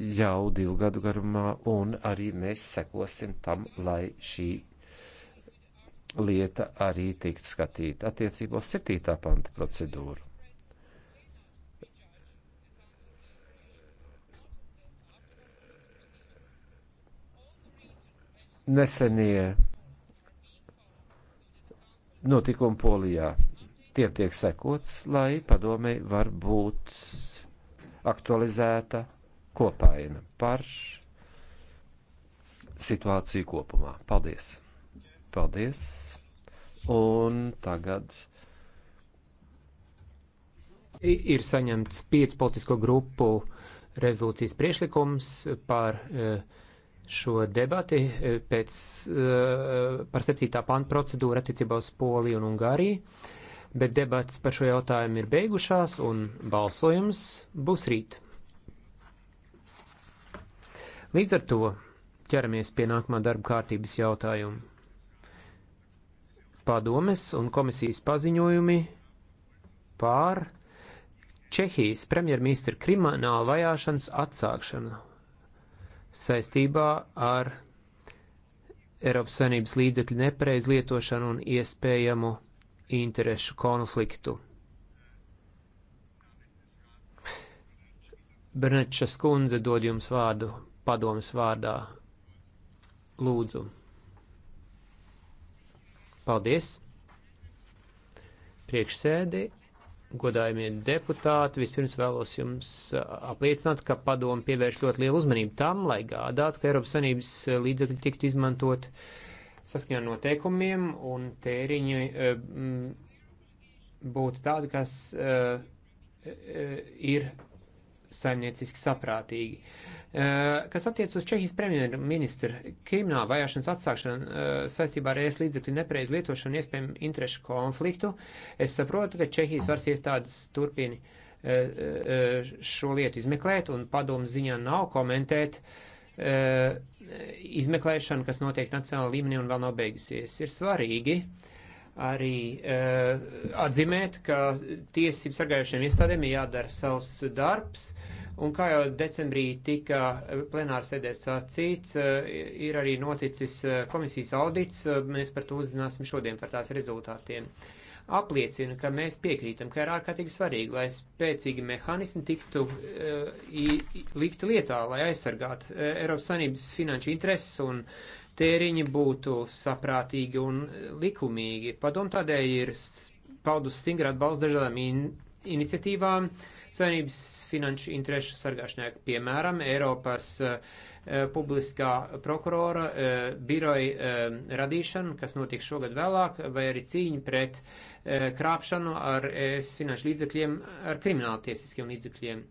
jau divu gadu garumā, un arī mēs sekosim tam, lai šī lieta arī tiktu skatīta attiecībā uz 7. panta procedūru. Nesenie notikumi Polijā tiem tiek sekots, lai padomei var būt aktualizēta kopaina par situāciju kopumā. Paldies! Paldies! Un tagad ir saņemts piec politisko grupu rezolūcijas priešlikums par eh, šo debati eh, pēc, eh, par 7. pānta procedūru attiecībā uz Poliju un Ungāriju, bet debats par šo jautājumu ir beigušās un balsojums būs rīt. Līdz ar to ķeramies pie nākamā darba kārtības jautājuma. Padomes un komisijas paziņojumi pār Čehijas premjerministra krimināla vajāšanas atsākšanu saistībā ar Eiropas Savienības līdzekļu nepareiz lietošanu un iespējamu interešu konfliktu. Berneča skundze dod jums vārdu padomas vārdā. Lūdzu. Paldies. Priekšsēdi, godājumie deputāti, vispirms vēlos jums apliecināt, ka padomu pievērš ļoti lielu uzmanību tam, lai gādātu, ka Eiropas Sanības līdzekļi tiktu izmantot saskaņā noteikumiem un tēriņi būtu tādi, kas ir saimnieciski saprātīgi. Eh, kas attiec uz Čehijas premjerministru, krimināla vajāšanas atsākšana eh, saistībā ar ēst līdzekļu nepareizu lietošanu, iespējami interešu konfliktu, es saprotu, ka Čehijas varas iestādes turpina eh, šo lietu izmeklēt un padomu ziņā nav komentēt izmeklēšanu, kas notiek nacionāla līmenī un vēl nav beigusies. Ir svarīgi, uh, arī uh, atzīmēt, ka tiesību sargājušiem iestādēm ir jādara savs darbs. Un kā jau decembrī tika plenāra sēdē sacīts, uh, ir arī noticis e, komisijas audits, uh, mēs par to uzzināsim šodien par tās rezultātiem. Apliecina, ka mēs piekrītam, ka ir ārkārtīgi svarīgi, lai spēcīgi mehānismi tiktu uh, i, likti lietā, lai aizsargātu uh, Eiropas Sanības finanšu intereses un uh, tēriņi būtu saprātīgi un likumīgi. Padom tādēļ ir paudus stingri atbalstu dažādām in iniciatīvām savienības finanšu interešu sargāšanai, piemēram, Eiropas uh, publiskā prokurora uh, biroja uh, radīšana, kas notiks šogad vēlāk, vai arī cīņa pret krāpšanu ar es finanšu līdzekļiem, ar krimināltiesiskiem līdzekļiem.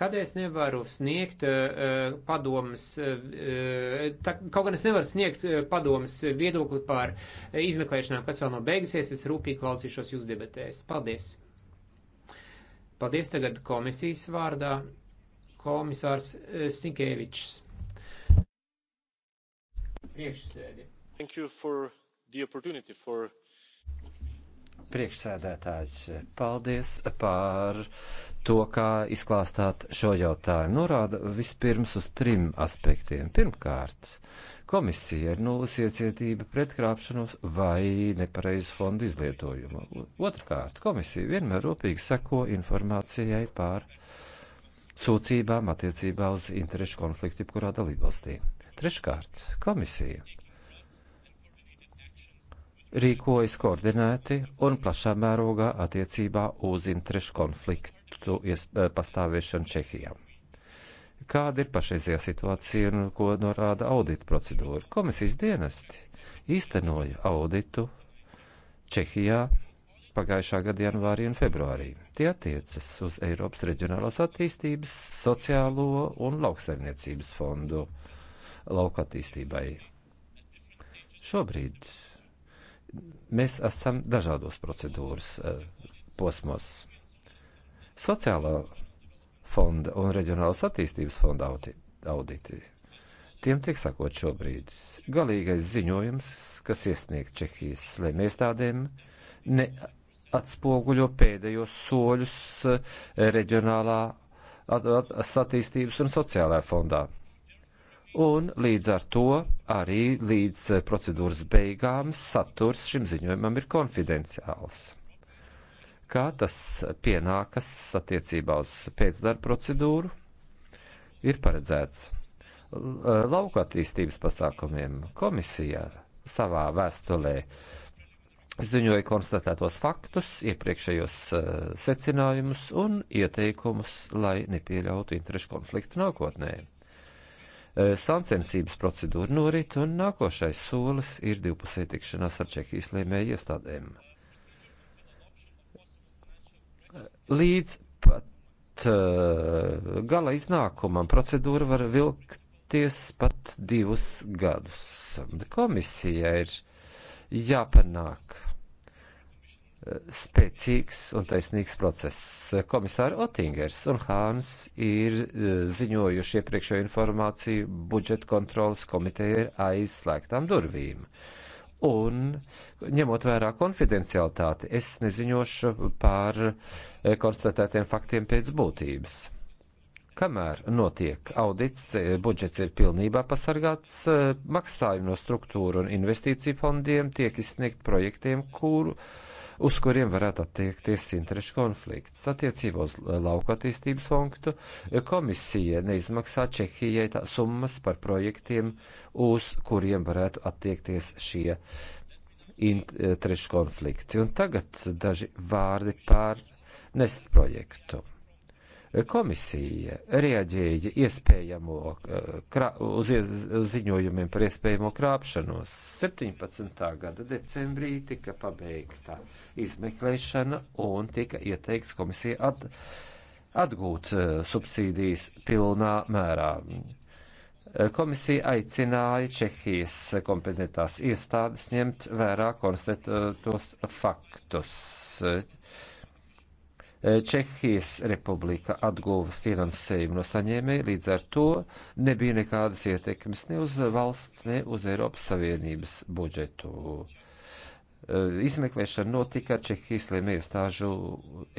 Kādēļ es nevaru sniegt uh, padomas, uh, tā, kaut gan es nevaru sniegt uh, padomas viedokli par izmeklēšanām, kas vēl nav beigusies, es rūpīgi klausīšos jūs debatēs. Paldies! Paldies tagad komisijas vārdā komisārs Sinkēvičs. Priekšsēdi. Thank you for the opportunity for Priekšsēdētājs, paldies par to, kā izklāstāt šo jautājumu. Norāda vispirms uz trim aspektiem. Pirmkārt, komisija ir nulles iecietība pret krāpšanos vai nepareizu fondu izlietojumu. Otrkārt, komisija vienmēr rūpīgi seko informācijai par sūdzībām attiecībā uz interešu konfliktu, kurā dalībvalstī. Treškārt, komisija rīkojas koordinēti un plašā mērogā attiecībā uz interešu konfliktu eh, pastāvēšanu Čehijā. Kāda ir pašreizējā situācija un ko norāda audita procedūra? Komisijas dienesti īstenoja auditu Čehijā pagājušā gada janvārī un februārī. Tie attiecas uz Eiropas reģionālās attīstības, sociālo un lauksaimniecības fondu lauka attīstībai. Šobrīd mēs esam dažādos procedūras eh, posmos. Sociālā fonda un reģionālas attīstības fonda audīti. Tiem tiek sakot šobrīd galīgais ziņojums, kas iesniegts Čehijas slēmiestādēm, ne atspoguļo pēdējos soļus eh, reģionālā attīstības un sociālajā fondā un līdz ar to arī līdz eh, procedūras beigām saturs šim ziņojumam ir konfidenciāls. Kā tas pienākas attiecībā uz pēcdarba procedūru, ir paredzēts eh, lauku attīstības pasākumiem komisijā savā vēstulē ziņoja konstatētos faktus, iepriekšējos uh, secinājumus un ieteikumus, lai nepieļautu interešu konfliktu nākotnē. Eh, sancensības procedūra norit, un nākošais solis ir divpusē tikšanās ar Čehijas lēmēju iestādēm. Līdz pat uh, gala iznākumam procedūra var vilkties pat divus gadus. Komisija ir jāpanāk spēcīgs un taisnīgs process. Komisāri Otingers un Hāns ir e, ziņojuši iepriekšējo informāciju budžeta kontrolas komiteja ir aizslēgtām durvīm. Un, ņemot vērā konfidencialitāti, es neziņošu par e, konstatētiem faktiem pēc būtības. Kamēr notiek audits, e, budžets ir pilnībā pasargāts, maksājumi no struktūra un investīciju fondiem tiek izsniegt projektiem, kuru uh, uz kuriem varētu attiekties interešu konflikts. Attiecībā uz lauka attīstības fondu komisija neizmaksā Čehijai tā summas par projektiem, uz kuriem varētu attiekties šie interešu konflikti. Un tagad daži vārdi par nest projektu. Komisija reaģēja iespējamo, eh, krā, uz ziņojumiem par iespējamo krāpšanos. 17. gada decembrī tika pabeigta izmeklēšana un tika ieteikts komisija at, atgūt eh, subsīdijas pilnā mērā. Komisija aicināja Čehijas kompetentās iestādes ņemt vērā konstatētos faktus. Eh, Čehijas republika atguva finansējumu no saņēmēja, līdz ar to nebija nekādas ietekmes ne uz valsts, ne uz Eiropas Savienības budžetu. Eh, izmeklēšana notika Čehijas lēmējiestāžu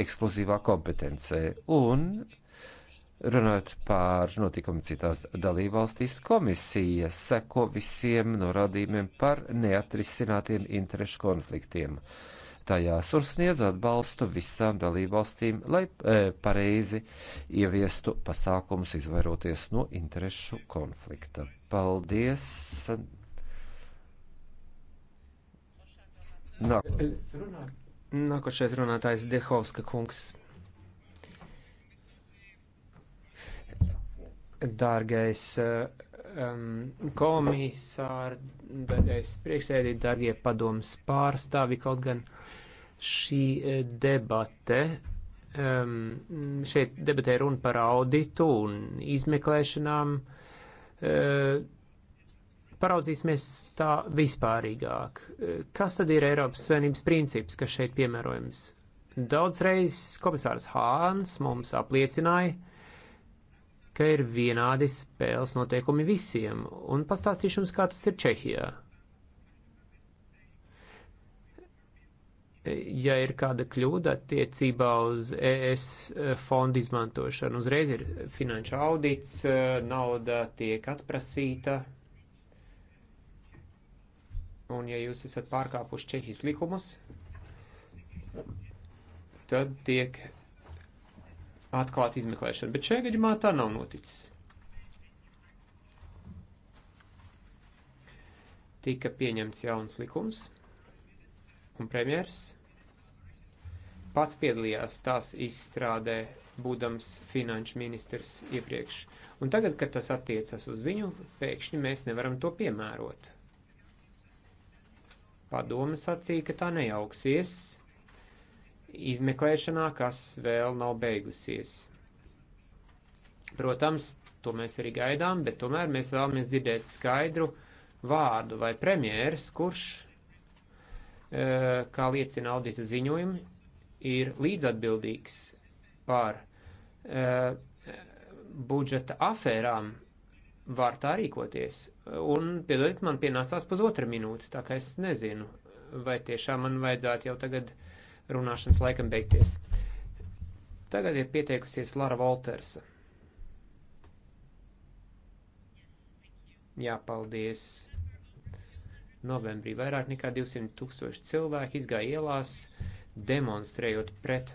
ekskluzīvā kompetencē un Runājot par notikumu citās dalībvalstīs, komisija seko visiem norādījumiem par neatrisinātiem interešu konfliktiem. Uh, tajās un sniedz atbalstu visām dalībvalstīm, lai e, pareizi ieviestu pasākumus, izvairoties no interešu konflikta. Paldies! Nākošais runātājs Dehovska kungs. Dārgais um, e, komisāri, dārgais priekšsēdītāji, dārgie padomas pārstāvi, kaut gan uh, šī eh, debate. Um, šeit debatē runa par auditu un izmeklēšanām. Uh, paraudzīsimies tā vispārīgāk. Eh, kas tad ir Eiropas Savienības princips, kas šeit piemērojams? Daudzreiz komisārs Hāns mums apliecināja, ka ir vienādi spēles noteikumi visiem, un pastāstīšu jums, kā tas ir Čehijā. ja ir kāda kļūda attiecībā uz ES fondu izmantošanu. Uzreiz ir finanšu audits, eh, nauda tiek atprasīta. Un ja jūs esat pārkāpuši Čehijas likumus, tad tiek atklāta izmeklēšana. Bet šajā gadījumā tā nav noticis. Tika pieņemts jauns likums un premjers pats piedalījās tās izstrādē, būdams finanšu ministrs iepriekš. Un tagad, kad tas attiecas uz viņu, pēkšņi mēs nevaram to piemērot. Padome sacīja, ka tā nejauksies izmeklēšanā, kas vēl nav beigusies. Protams, to mēs arī gaidām, bet tomēr mēs vēlamies dzirdēt skaidru vārdu vai premjērs, kurš Eh, kā liecina audita ziņojumi, ir līdzatbildīgs par eh, budžeta afērām, var tā rīkoties. Un, piedodiet, man pienācās pusotra minūte, tā kā es nezinu, vai tiešām man vajadzētu jau tagad runāšanas laikam beigties. Tagad ir pieteikusies Lara Voltersa. Jā, paldies novembrī. Vairāk nekā 200 tūkstoši cilvēki izgāja ielās, demonstrējot pret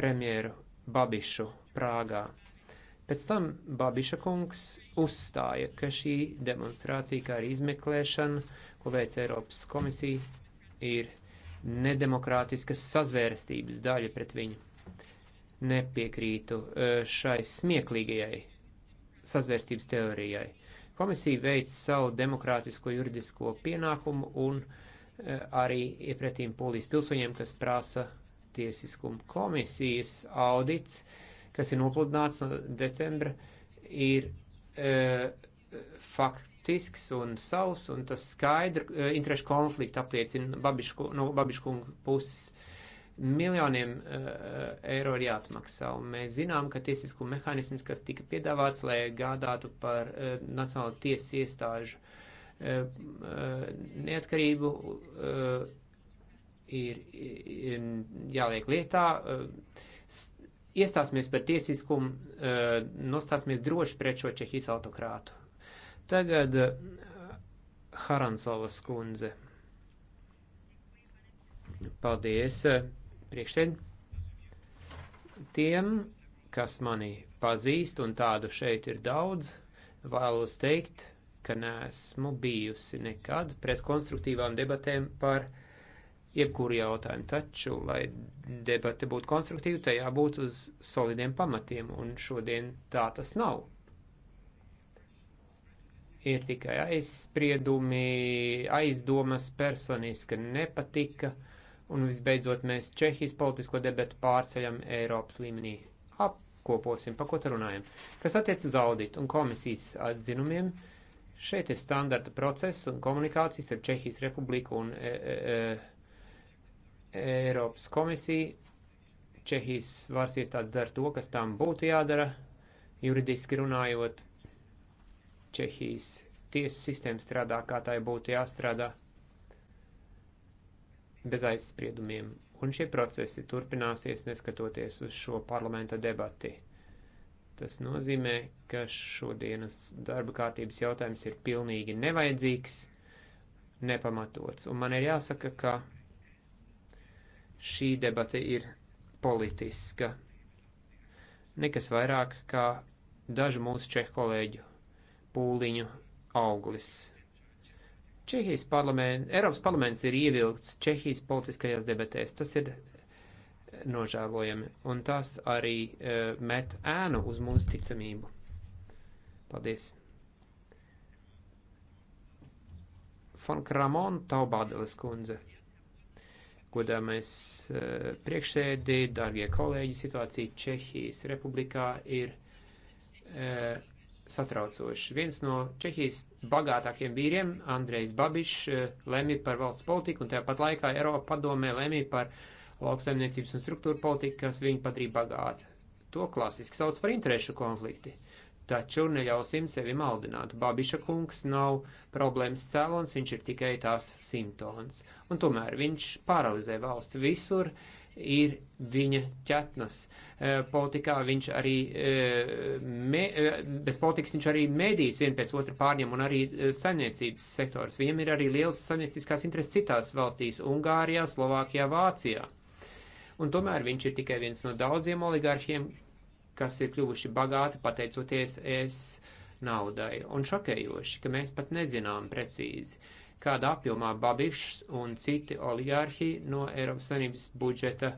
premjeru Babišu Prāgā. Pēc tam Babiša kungs uzstāja, ka šī demonstrācija, kā arī izmeklēšana, ko veic Eiropas komisija, ir nedemokrātiskas sazvērestības daļa pret viņu. Nepiekrītu eh, šai smieklīgajai sazvērstības teorijai Komisija veic savu demokrātisko juridisko pienākumu un eh, arī iepretīm polijas pilsoņiem, kas prasa tiesiskumu komisijas audits, kas ir nopludināts no decembra, ir e, faktisks un savs, un tas skaidri e, eh, interešu konfliktu apliecina babišku, no babiškunga puses miljoniem uh, eiro ir jāatmaksā. Un mēs zinām, ka tiesisku mehānisms, kas tika piedāvāts, lai gādātu par uh, eh, nacionālu tiesu iestāžu uh, uh, neatkarību, uh, ir, ir jāliek lietā. Uh, Iestāsimies par tiesiskumu, uh, nostāsimies droši pret šo Čehijas autokrātu. Tagad uh, Harantsovas kundze. Paldies! Uh, priekšsēd. Tiem, kas mani pazīst, un tādu šeit ir daudz, vēlos teikt, ka neesmu bijusi nekad pret konstruktīvām debatēm par jebkuru jautājumu. Taču, lai debate būtu konstruktīva, tai jābūt uz solidiem pamatiem, un šodien tā tas nav. Ir tikai aizspriedumi, aizdomas, personiska nepatika. Uh, Un visbeidzot, mēs Čehijas politisko debetu pārceļam Eiropas līmenī. Apkoposim, pa ko te runājam. Kas attiec uz auditu un komisijas atzinumiem, šeit ir standarta process un komunikācijas ar Čehijas republiku un e, e, e, Eiropas komisiju. Čehijas varas iestādes dara to, kas tām būtu jādara, juridiski runājot. Čehijas tiesu sistēma strādā, kā tai būtu jāstrādā bez aizspriedumiem, un šie procesi turpināsies neskatoties uz šo parlamenta debati. Tas nozīmē, ka šodienas darba kārtības jautājums ir pilnīgi nevajadzīgs, nepamatots, un man ir jāsaka, ka šī debata ir politiska. Nekas vairāk kā dažu mūsu čehu kolēģu pūliņu auglis. Čehijas parlament, Eiropas parlaments ir ievilkts Čehijas politiskajās debatēs. Tas ir nožēlojami, un tas arī uh, met ēnu uz mūsu ticamību. Paldies! Fonka Ramona Taubādeles kundze. Godāmais uh, priekšsēdi, dārgie kolēģi, situācija Čehijas republikā ir uh, satraucoši. Viens no Čehijas bagātākiem vīriem, Andrejs Babišs, eh, lemj par valsts politiku un tāpat laikā Eiropa padomē lemj par lauksaimniecības un struktūra politiku, kas viņu padarīja bagāti. To klasiski sauc par interešu konflikti. Taču neļausim sevi maldināt. Babiša kungs nav problēmas cēlons, viņš ir tikai tās simptoms. Un tomēr viņš paralizē valsti visur, uh, ir viņa ķetnes. E, politikā viņš arī, e, me, e, bez politikas viņš arī mēdīs vien pēc otru pārņem un arī saimniecības sektors. Viņam ir arī liels saimnieciskās intereses citās valstīs - Ungārijā, Slovākijā, Vācijā. Un tomēr viņš ir tikai viens no daudziem oligarhiem, kas ir kļuvuši bagāti pateicoties es naudai. Un šokējoši, ka mēs pat nezinām precīzi. Uh, kādā apjomā Babišs un citi oligārhi no Eiropas Savienības budžeta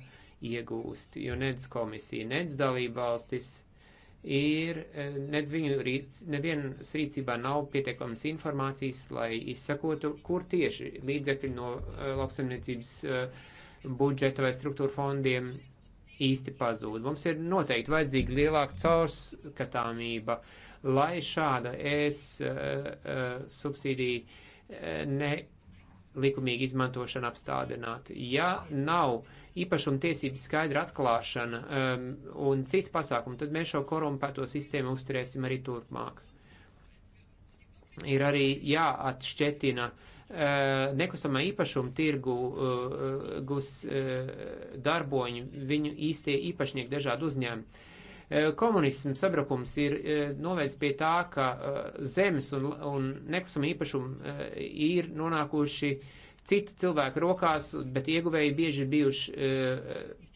iegūst, jo nedz komisija, nedz dalība valstis ir, eh, nedz viņu rīc, nevienas rīcībā nav pietiekams informācijas, lai izsakotu, kur tieši līdzekļi no eh, lauksaimniecības eh, budžeta vai struktūra fondiem īsti pazūd. Mums ir noteikti vajadzīga lielāka caurskatāmība, lai šāda es subsīdija ne likumīgi izmantošana apstādināt. Ja nav īpašuma tiesības skaidra atklāšana um, un citu pasākumu, tad mēs šo korumpēto sistēmu uzturēsim arī turpmāk. Ir arī jāatšķetina uh, nekustamā īpašuma tirgu uh, gus uh, darboņu, viņu īstie īpašnieki dažādi uzņēmumi E, Komunisms sabrukums ir e, novērts pie tā, ka e, zemes un, un nekustamā īpašuma ir nonākuši citu cilvēku rokās, bet ieguvēji bieži ir bijuši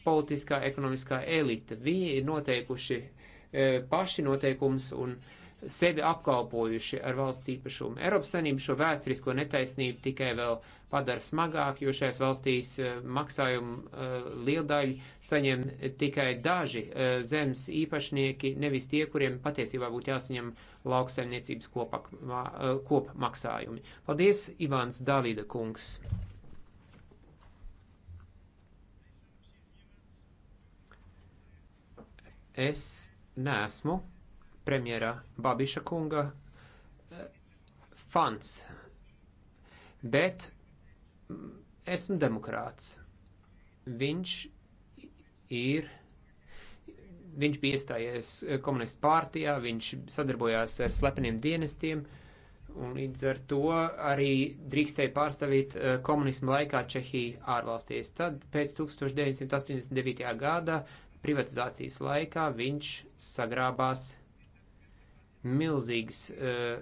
politiskā, ekonomiskā elita. Viņi ir noteikuši paši noteikums un uh, sevi apkalpojuši ar valsts īpašumu. Eiropas Savienība šo vēsturisko netaisnību tikai vēl padara smagāk, jo šajās valstīs eh, maksājumu eh, lieldaļu saņem tikai daži eh, zemes īpašnieki, nevis tie, kuriem patiesībā būtu jāsaņem lauksaimniecības kopmaksājumi. Paldies, Ivāns Davida kungs! Es neesmu premjera Babiša kunga eh, fans, bet mm, esmu demokrāts. Viņš ir, viņš bija iestājies eh, komunistu pārtijā, viņš sadarbojās ar slepeniem dienestiem, un līdz ar to arī drīkstēja pārstāvīt eh, komunismu laikā Čehiju ārvalstīs. Tad pēc 1989. gada privatizācijas laikā viņš sagrābās milzīgs eh,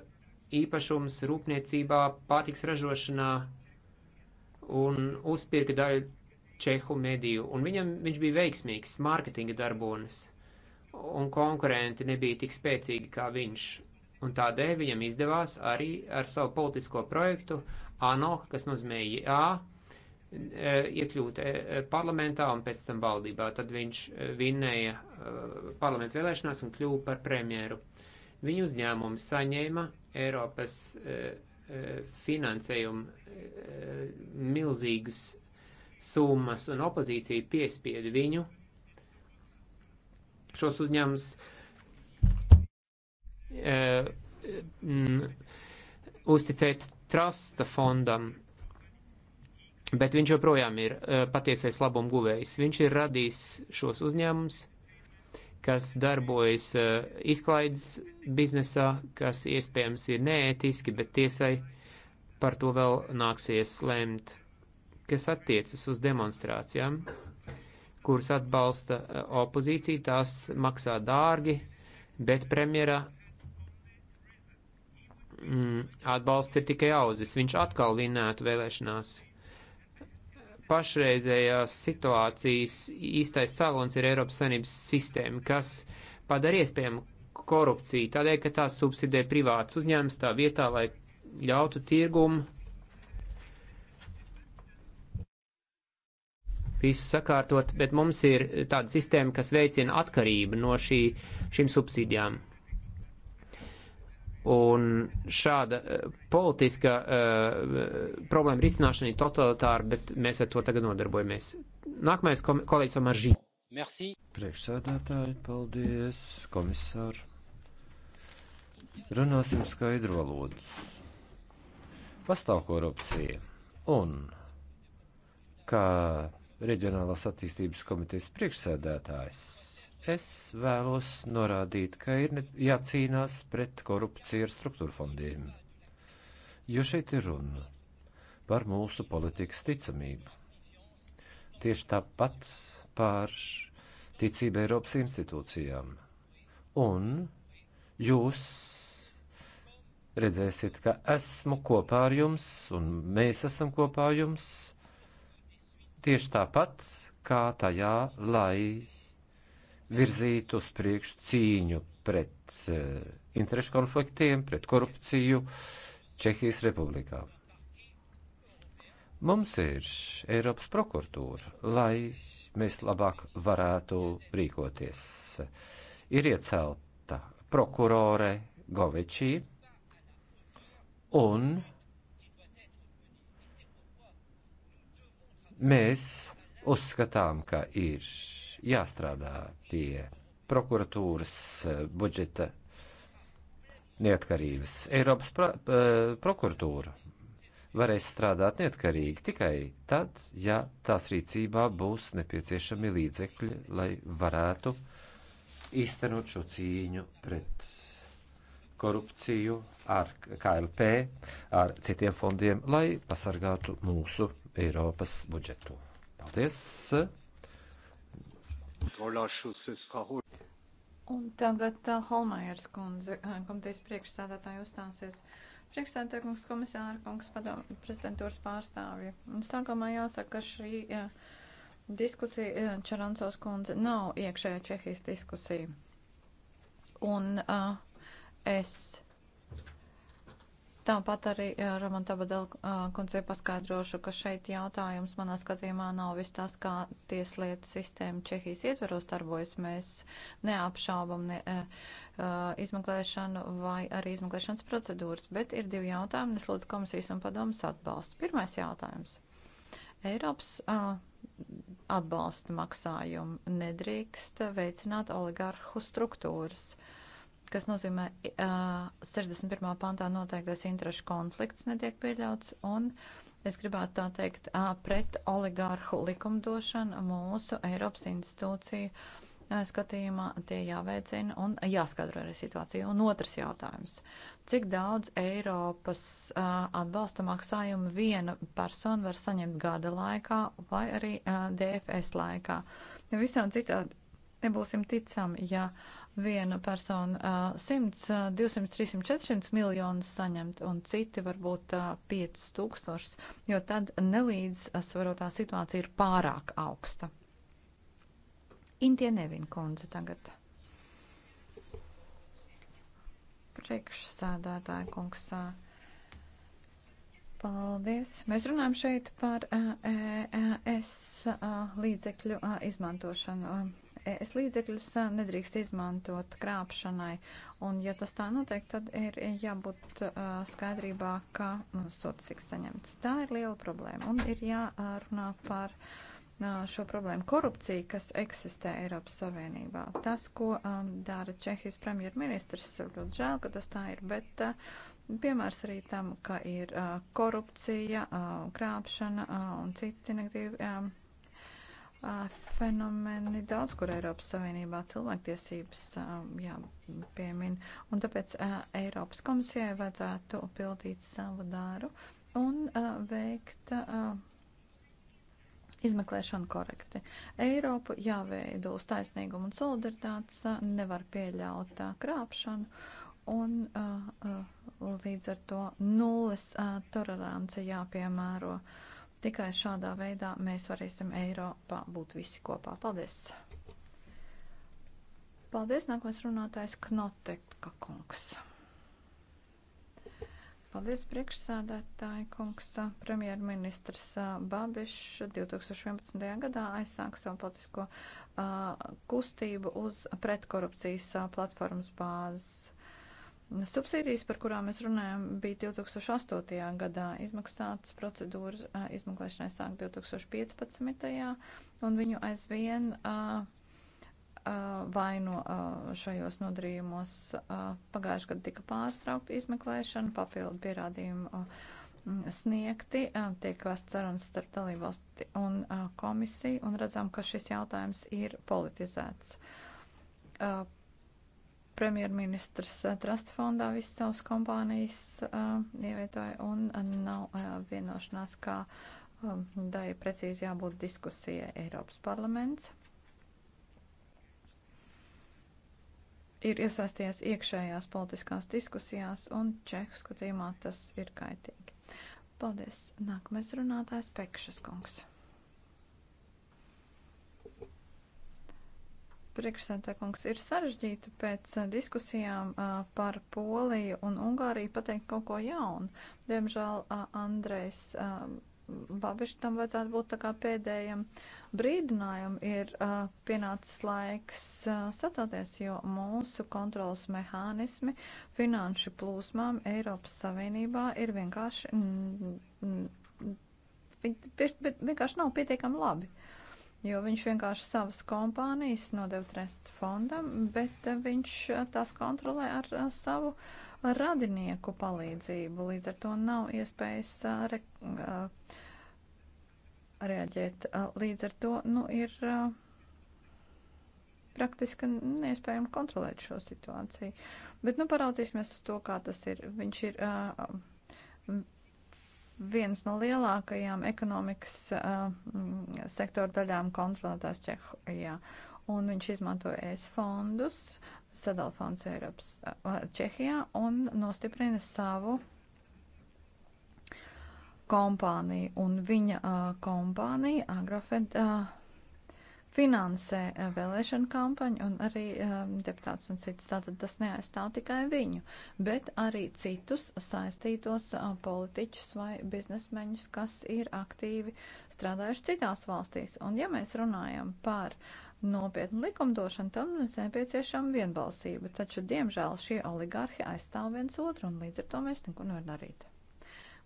īpašums rūpniecībā, pārtiks ražošanā un uzpirka daļu čehu mediju. Un viņam viņš bija veiksmīgs mārketinga darbonis, un konkurenti nebija tik spēcīgi kā viņš. Un tādēļ viņam izdevās arī ar savu politisko projektu ANO, kas nozīmē jā, eh, iekļūt eh, parlamentā un pēc tam valdībā. Tad viņš vinnēja parlamentu vēlēšanās un kļuva par premjeru. Viņu uzņēmumi saņēma Eiropas e, e, finansējumu e, milzīgas summas, un opozīcija piespieda viņu šos uzņēmumus uzticēt trusta fondam, bet viņš joprojām ir patiesais labumu guvējs. Viņš ir radījis šos uzņēmumus kas darbojas eh, izklaides biznesā, kas iespējams ir neētiski, bet tiesai par to vēl nāksies lemt, kas attiecas uz demonstrācijām, kuras atbalsta eh, opozīcija, tās maksā dārgi, bet premjera mm, atbalsts ir tikai audzis. Viņš atkal vinētu vēlēšanās pašreizējās situācijas īstais cēlons ir Eiropas Savienības sistēma, kas padara iespējamu korupciju, tādēļ, ka tās subsidē privāts uzņēmums tā vietā, lai ļautu tirgumu visu sakārtot, bet mums ir tāda sistēma, kas veicina atkarību no šī, šīm subsīdijām. Un šāda eh, politiska uh, problēma risināšana ir totalitāra, bet mēs ar to tagad nodarbojamies. Nākamais kom kolēģis Omaržī. Merci. Priekšsēdētāji, paldies, komisāri. Runāsim skaidru valodu. Pastāv korupcija. Un kā reģionālās attīstības komitejas priekšsēdētājs Es vēlos norādīt, ka ir jācīnās pret korupciju ar struktūra fondiem, jo šeit ir runa par mūsu politikas ticamību. Tieši tāpat pār ticību Eiropas institūcijām. Un jūs redzēsiet, ka esmu kopā ar jums, un mēs esam kopā ar jums tieši tāpat kā tajā, lai virzīt uz priekšu cīņu pret eh, interešu konfliktiem, pret korupciju Čehijas republikā. Mums ir Eiropas prokuratūra, lai mēs labāk varētu rīkoties. Ir iecelta prokurore Govečī un mēs uzskatām, ka ir jāstrādā pie prokuratūras eh, budžeta neatkarības. Eiropas pra, eh, prokuratūra varēs strādāt neatkarīgi tikai tad, ja tās rīcībā būs nepieciešami līdzekļi, lai varētu īstenot šo cīņu pret korupciju ar KLP, ar citiem fondiem, lai pasargātu mūsu Eiropas budžetu. Paldies! Un tagad uh, Holmajers kundze, uh, komitejas priekšsādātāja uzstāsies. Priekšsēdētāja kungs, komisāra kungs, padom, prezidentūras pārstāvji. Un sākumā jāsaka, ka šī jā, uh, diskusija, jā, uh, Čarancovs kundze, nav iekšējā Čehijas diskusija. Un uh, es Tāpat arī eh, Roman Tabadela eh, kundzei paskaidrošu, ka šeit jautājums manā skatījumā nav viss tas, kā tieslietu sistēma Čehijas ietveros darbojas. Mēs neapšaubam ne, uh, izmeklēšanu vai arī izmeklēšanas procedūras, bet ir divi jautājumi, es lūdzu komisijas un padomas atbalstu. Pirmais jautājums. Eiropas uh, atbalsta maksājumu nedrīkst veicināt oligarhu struktūras. Uh, kas nozīmē uh, 61. pantā noteiktais interešu konflikts netiek pieļauts, un es gribētu tā teikt, uh, pret oligārhu likumdošanu mūsu Eiropas institūciju uh, skatījumā tie jāveicina un jāskatro arī situācija. Un otrs jautājums. Cik daudz Eiropas uh, atbalsta maksājumu viena persona var saņemt gada laikā vai arī uh, DFS laikā? Visām citādi nebūsim ticami, ja uh, viena persona 100, 200, 300, 400 miljonus saņemt un citi varbūt 5000, jo tad nelīdzsvarotā situācija ir pārāk augsta. Intie Nevina kundze tagad. Priekšsādātāja kungs. Paldies. Mēs runājam šeit par ES līdzekļu izmantošanu ES līdzekļus nedrīkst izmantot krāpšanai. Un, ja tas tā notiek, tad ir jābūt skaidrībā, ka nu, sots tiks saņemts. Tā ir liela problēma un ir jārunā par šo problēmu korupciju, kas eksistē Eiropas Savienībā. Tas, ko um, dara Čehijas premjerministrs, ir ļoti žēl, ka tas tā ir, bet uh, piemērs arī tam, ka ir uh, korupcija, uh, krāpšana uh, un citi negatīvi. Uh, fenomeni daudz, kur Eiropas Savienībā cilvēktiesības jāpiemin. Un tāpēc Eiropas komisijai vajadzētu pildīt savu dāru un veikt izmeklēšanu korekti. Eiropu jāveido uz taisnīgumu un solidaritātes, nevar pieļaut krāpšanu un līdz ar to nulles tolerance jāpiemēro. Uh, Tikai šādā veidā mēs varēsim Eiropā būt visi kopā. Paldies! Paldies, nākamais runātājs Knoteka kungs. Paldies, priekšsādātāji kungs. Premjerministrs Babišs 2011. gadā aizsāka savu politisko uh, kustību uz pretkorupcijas uh, platformas bāzes Subsīdijas, par kurām mēs runājam, bija 2008. gadā izmaksātas procedūras izmeklēšanai sāk 2015. un viņu aizvien vaino šajos nodarījumos. Pagājušajā gadā tika pārstraukta izmeklēšana, papildu pierādījumu sniegti, tiek vēsts sarunas starp dalībvalsti un komisiju, un redzam, ka šis jautājums ir politizēts premjerministrs eh, trust fondā visas savas kompānijas uh, ievietoja un eh, nav uh, vienošanās, kā um, dai precīzi jābūt diskusijai Eiropas parlaments. Ir iesaistījies iekšējās politiskās diskusijās un čehu skatījumā tas ir kaitīgi. Paldies. Nākamais runātājs Pekšas kungs. Priekšsēdētāj, kungs, ir sarežģīti pēc eh, diskusijām eh, par Poliju un Ungāriju pateikt kaut ko jaunu. Diemžēl eh, Andrejs Babišs tam vajadzētu būt tā kā pēdējam brīdinājumam. Ir pienācis laiks sacēties, jo mūsu kontrolas mehānismi finanšu plūsmām Eiropas Savienībā ir vienkārši, vienkārši nav pietiekami labi. Uh, jo viņš vienkārši savas kompānijas nodev trust fondam, bet eh, viņš eh, tās kontrolē ar eh, savu radinieku palīdzību. Līdz ar to nav iespējas re, reaģēt. Līdz ar to nu, ir praktiski neiespējami kontrolēt šo situāciju. Bet nu, paraudzīsimies uz to, kā tas ir. Viņš ir uh, viens no lielākajām ekonomikas uh, sektora daļām kontrolētās Čehijā. Un viņš izmantoja ES fondus, sadala fonds Eiropas uh, Čehijā un nostiprina savu kompāniju. Un viņa uh, kompānija, Agrofed, uh, finansē eh, vēlēšanu kampaņu un arī um, deputātus un citus. Tātad tas neaizstāv tikai viņu, bet arī citus saistītos uh, politiķus vai biznesmeņus, kas ir aktīvi strādājuši citās valstīs. Un ja mēs runājam par nopietnu likumdošanu, tam mums nepieciešama vienbalsība. Taču, diemžēl, šie oligarhi aizstāv viens otru un līdz ar to mēs neko nevaram darīt.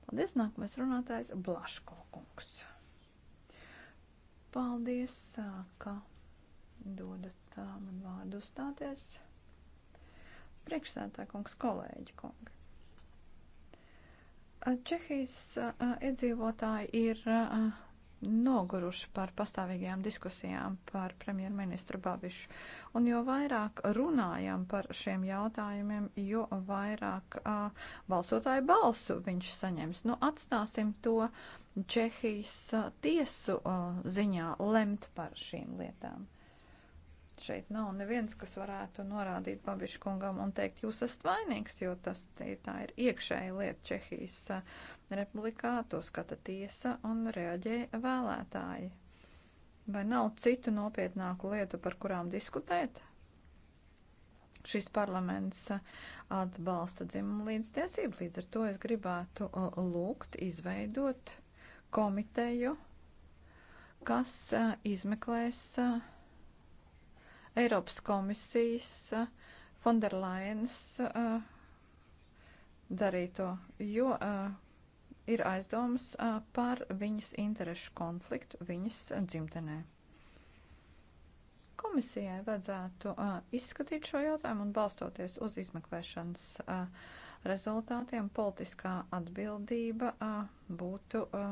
Paldies, nākamais runātājs Blaško kungs. Paldies, ka dodat man vārdu uzstāties. Priekšsētā kungs, kolēģi kungi. Čehijas iedzīvotāji ir noguruši par pastāvīgajām diskusijām par premjerministru Babišu. Un jo vairāk runājam par šiem jautājumiem, jo vairāk uh, balsotāju balsu viņš saņems. Nu, atstāsim to uh, Čehijas tiesu ziņā lemt par šīm lietām. Šeit nav neviens, kas varētu norādīt Babiškungam un teikt, jūs esat vainīgs, jo tas tā ir iekšēja lieta Čehijas republikā, to skata tiesa un reaģē vēlētāji. Vai nav citu nopietnāku lietu, par kurām diskutēt? šis parlaments atbalsta dzimumu līdztiesību. Līdz ar to es gribētu lūgt izveidot komiteju, kas uh, izmeklēs uh, Eiropas komisijas uh, Fonderlainas uh, darīto, jo uh, ir aizdomas uh, par viņas interešu konfliktu viņas dzimtenē komisijai vajadzētu uh, izskatīt šo jautājumu un balstoties uz izmeklēšanas uh, rezultātiem, politiskā atbildība uh, būtu uh,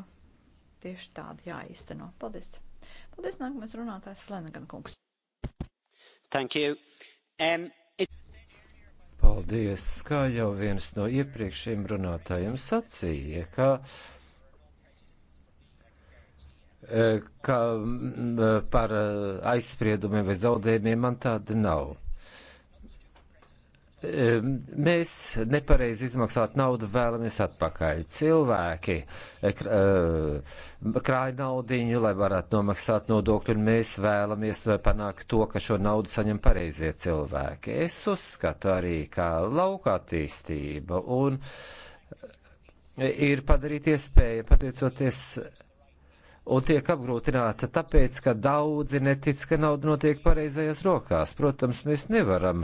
tieši tāda jāīsteno. Paldies! Paldies, nākamais runātājs Flanagan kungs. Thank you. Um, it... Paldies, kā jau viens no iepriekšējiem runātājiem sacīja, ka, eh, ka mm, par eh, aizspriedumiem vai zaudējumiem man tāda nav mēs nepareizi izmaksāt naudu, vēlamies atpakaļ. Cilvēki eh, eh, krāja naudiņu, lai varētu nomaksāt nodokļu, un mēs vēlamies panākt to, ka šo naudu saņem pareizie cilvēki. Es uzskatu arī, ka lauka attīstība un eh, ir padarīt iespēja pateicoties un tiek apgrūtināta tāpēc, ka daudzi netic, ka nauda notiek pareizajās rokās. Protams, mēs nevaram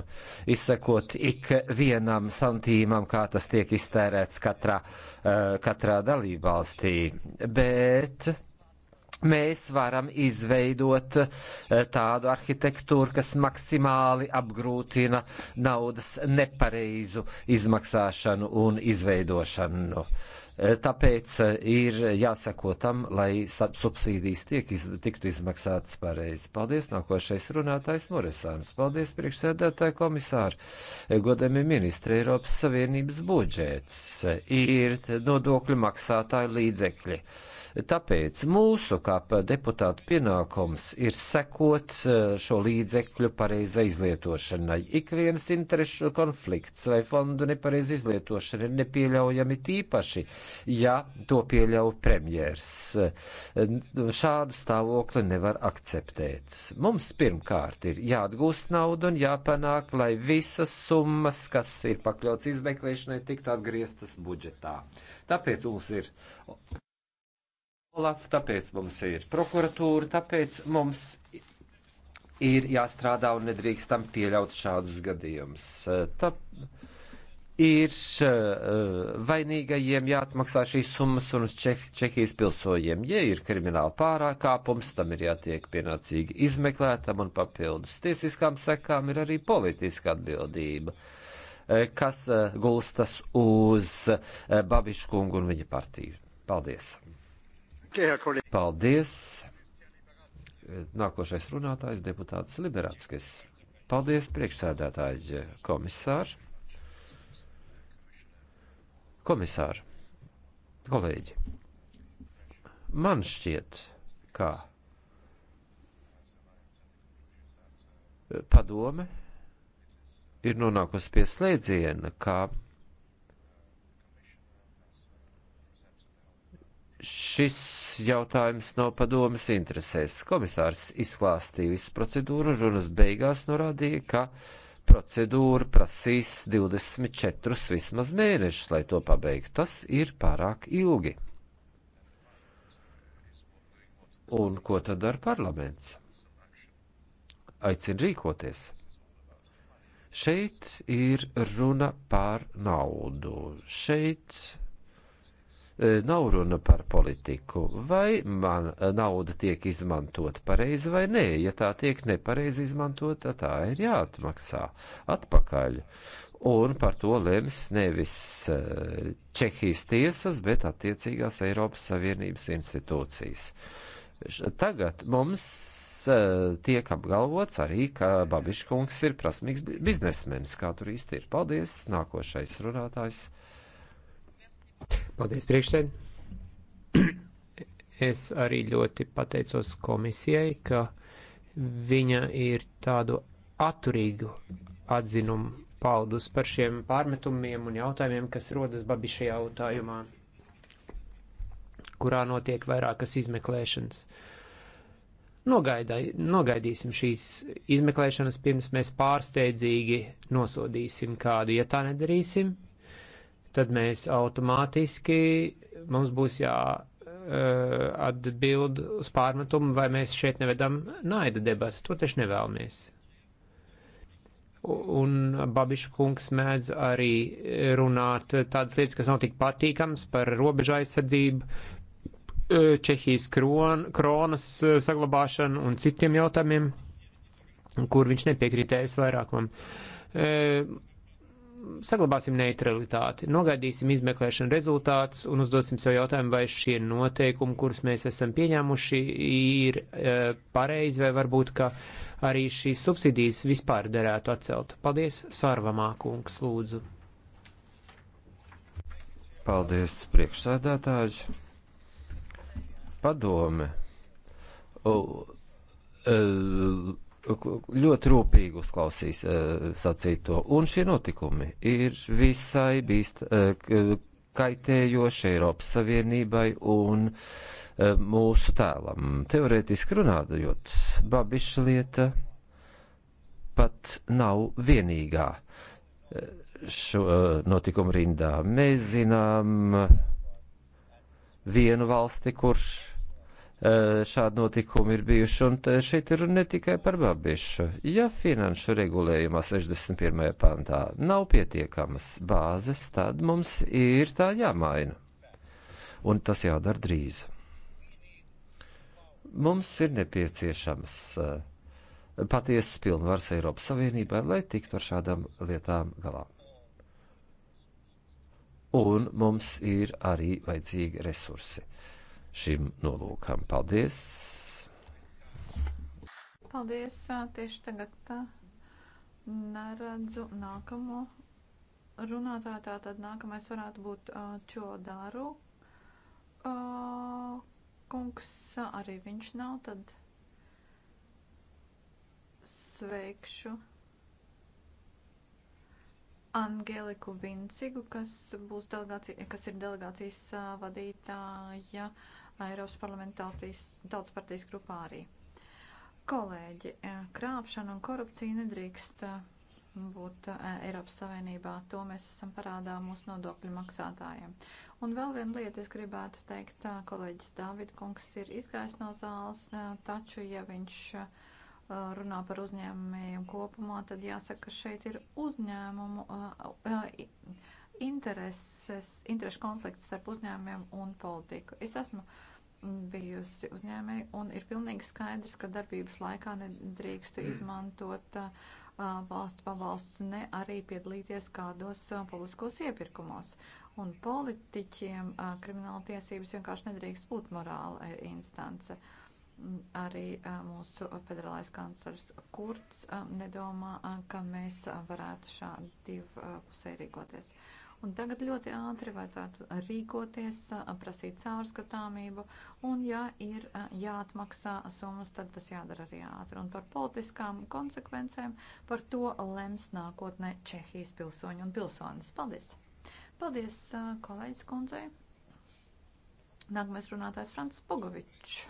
izsekot ik vienam santīmam, kā tas tiek iztērēts katrā, eh, katrā dalībvalstī, bet mēs varam izveidot eh, tādu arhitektūru, kas maksimāli apgrūtina naudas nepareizu izmaksāšanu un izveidošanu. Uh, Tāpēc e, ir jāseko tam, lai subsīdijas tiek iz, tiktu izmaksātas pareizi. Paldies, nākošais runātājs Morisāns. Paldies, priekšsēdētāji komisāri. E, godami ministri, Eiropas Savienības budžets e, ir nodokļu maksātāju līdzekļi. Uh, Tāpēc mūsu kā deputātu pienākums ir sekot eh, šo līdzekļu pareizai izlietošanai. Ik viens interešu konflikts vai fondu nepareiz izlietošana ir nepieļaujami tīpaši, ja to pieļauj premjers. Eh, šādu stāvokli nevar akceptēt. Mums pirmkārt ir jāatgūst naudu un jāpanāk, lai visas summas, kas ir pakļauts izmeklēšanai, tiktu atgrieztas budžetā. Tāpēc mums ir Olaf, tāpēc mums ir prokuratūra, tāpēc mums ir jāstrādā un nedrīkstam pieļaut šādus gadījumus. Tā ir eh, vainīgajiem jāatmaksā šīs summas un uz Čeh Čehijas pilsojiem. Ja ir krimināla pārākāpums, tam ir jātiek pienācīgi izmeklētam un papildus tiesiskām sekām ir arī politiska atbildība eh, kas eh, gulstas uz Babiškungu un viņa partiju. Paldies! Paldies! Nākošais runātājs deputāts Liberatskis. Paldies, priekšsēdētāji komisāri. Komisāri, kolēģi, man šķiet, ka padome ir nonākusi pie slēdziena, ka šis jautājums nav padomas interesēs. Komisārs izklāstīja visu procedūru un runas beigās norādīja, ka procedūra prasīs 24 vismaz mēnešus, lai to pabeigtu. Tas ir pārāk ilgi. Un ko tad dara parlaments? Aicina rīkoties. Šeit ir runa par naudu. Šeit E, nav runa par politiku. Vai man e, nauda tiek izmantota pareizi vai nē? Ja tā tiek nepareizi izmantota, tā ir jāatmaksā atpakaļ. Un par to lems nevis e, Čehijas tiesas, bet attiecīgās Eiropas Savienības institūcijas. Tagad mums tiek apgalvots arī, ka Babiškungs ir prasmīgs biznesmenis, kā tur īsti ir. Paldies! Nākošais runātājs. Paldies, priekšsēd. es arī ļoti pateicos komisijai, ka viņa ir tādu atturīgu atzinumu paudus par šiem pārmetumiem un jautājumiem, kas rodas babišajā jautājumā, kurā notiek vairākas izmeklēšanas. Nogaidai, nogaidīsim šīs izmeklēšanas, pirms mēs pārsteidzīgi nosodīsim kādu, ja tā nedarīsim tad mēs automātiski mums būs jā atbild uz pārmetumu, vai mēs šeit nevedam naida debatu. To taču nevēlamies. Un Babiša kungs mēdz arī runāt tādas lietas, kas nav tik patīkams par robežu aizsardzību, Čehijas kron, kronas saglabāšanu un citiem jautājumiem, kur viņš nepiekrītējas vairākumam saglabāsim neutralitāti, nogaidīsim izmeklēšanu rezultātus un uzdosim sev jautājumu, vai šie noteikumi, kurus mēs esam pieņēmuši, ir e, pareizi, vai varbūt, ka arī šīs subsidijas vispār derētu atcelt. Paldies, Sārvamā kungs, lūdzu. Paldies, priekšsēdētāji. Padome. O, e, ļoti rūpīgi uzklausīs uh, sacīto, un šie notikumi ir visai bīst uh, kaitējoši Eiropas Savienībai un uh, mūsu tēlam. Teorētiski runājot, babiša lieta pat nav vienīgā šo notikumu rindā. Mēs zinām vienu valsti, kurš Eh, šādi notikumi ir bijuši, un šeit ir ne tikai par babišu. Ja finanšu regulējumā 61. pantā nav pietiekamas bāzes, tad mums ir tā jāmaina, un tas jādara drīz. Mums ir nepieciešamas eh, patiesas pilnvaras Eiropas Savienībai, lai tiktu ar šādām lietām galā. Un mums ir arī vajadzīgi resursi šim nolūkam. Paldies! Paldies! Tieši tagad neredzu nākamo runātāju. Tātad nākamais varētu būt Čodāru. Kungs arī viņš nav, tad sveikšu Angeliku Vincigu, kas, būs delegācija, kas ir delegācijas vadītāja. Ja Eiropas parlamenta tautas partijas grupā arī. Kolēģi, eh, krāpšana un korupcija nedrīkst eh, būt eh, Eiropas Savienībā. To mēs esam parādā mūsu nodokļu maksātājiem. Un vēl viena lieta, es gribētu teikt, kolēģis Dāvidkungs ir izgājis no zāles, taču, ja viņš runā par uzņēmumiem kopumā, tad jāsaka, ka šeit ir uzņēmumu, intereses, interešu konflikts starp uzņēmumiem un politiku. Es esmu bijusi uzņēmēji un ir pilnīgi skaidrs, ka darbības laikā nedrīkstu mm. izmantot uh, valsts pavalsts, ne arī piedalīties kādos uh, publiskos iepirkumos. Un politiķiem uh, krimināla tiesības vienkārši nedrīkst būt morāla instance. Uh, arī mūsu federālais kanclers Kurts nedomā, ka mēs varētu šādi divpusēji rīkoties. Un tagad ļoti ātri vajadzētu rīkoties, prasīt caurskatāmību, un ja ir jāatmaksā summas, tad tas jādara arī ātri. Un par politiskām konsekvencēm par to lems nākotnē Čehijas pilsoņi un pilsonis. Paldies! Paldies, kolēģis kundzei! Nākamais runātājs Frants Pogovičs.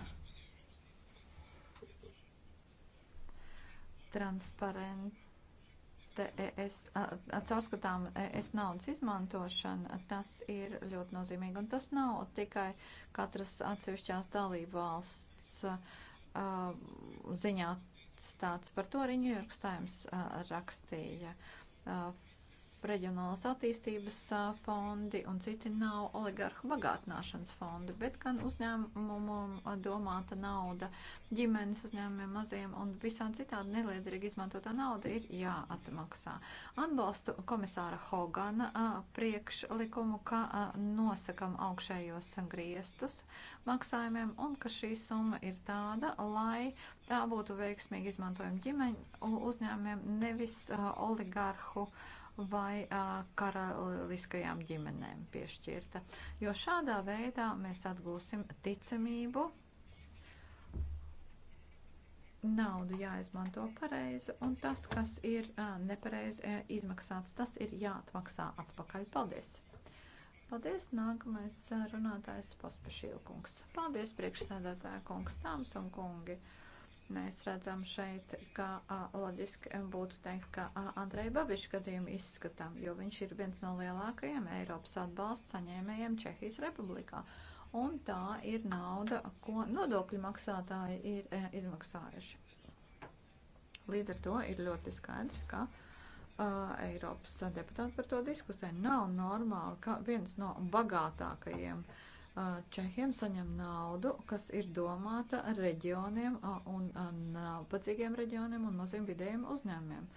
Transparent ES, e caurskatām ES naudas izmantošana, tas ir ļoti nozīmīgi. Un tas nav tikai katras atsevišķās dalību valsts ziņā stāsts. Par to arī Ņujorks Times rakstīja reģionālās attīstības fondi un citi nav oligarhu bagātināšanas fondi, bet gan uzņēmumu domāta nauda, ģimenes uzņēmumiem maziem un visām citādi neliederīgi izmantotā nauda ir jāatmaksā. Atbalstu komisāra Hogana priekšlikumu, ka nosakam augšējos griestus maksājumiem un ka šī summa ir tāda, lai tā būtu veiksmīgi izmantojama ģimeņu uzņēmumiem, nevis uh, oligārhu uh, vai karaliskajām ģimenēm piešķirta. Jo šādā veidā mēs atgūsim ticamību. Naudu jāizmanto pareizi, un tas, kas ir nepareizi izmaksāts, tas ir jāatmaksā atpakaļ. Paldies! Paldies, nākamais runātājs Pospešīlkungs. Paldies, priekšstādātāja kungs, tāms un kungi! Mēs redzam šeit, ka a, loģiski būtu teikt, ka a, Andrei Babiša gadījumu izskatām, jo viņš ir viens no lielākajiem Eiropas atbalsta saņēmējiem Čehijas republikā. Un tā ir nauda, ko nodokļu maksātāji ir e, izmaksājuši. Līdz ar to ir ļoti skaidrs, ka uh, Eiropas deputāti par to diskusē. Nav normāli, ka viens no bagātākajiem uh, Čehiem saņem naudu, kas ir domāta reģioniem un nabadzīgiem reģioniem un maziem vidējiem uzņēmumiem.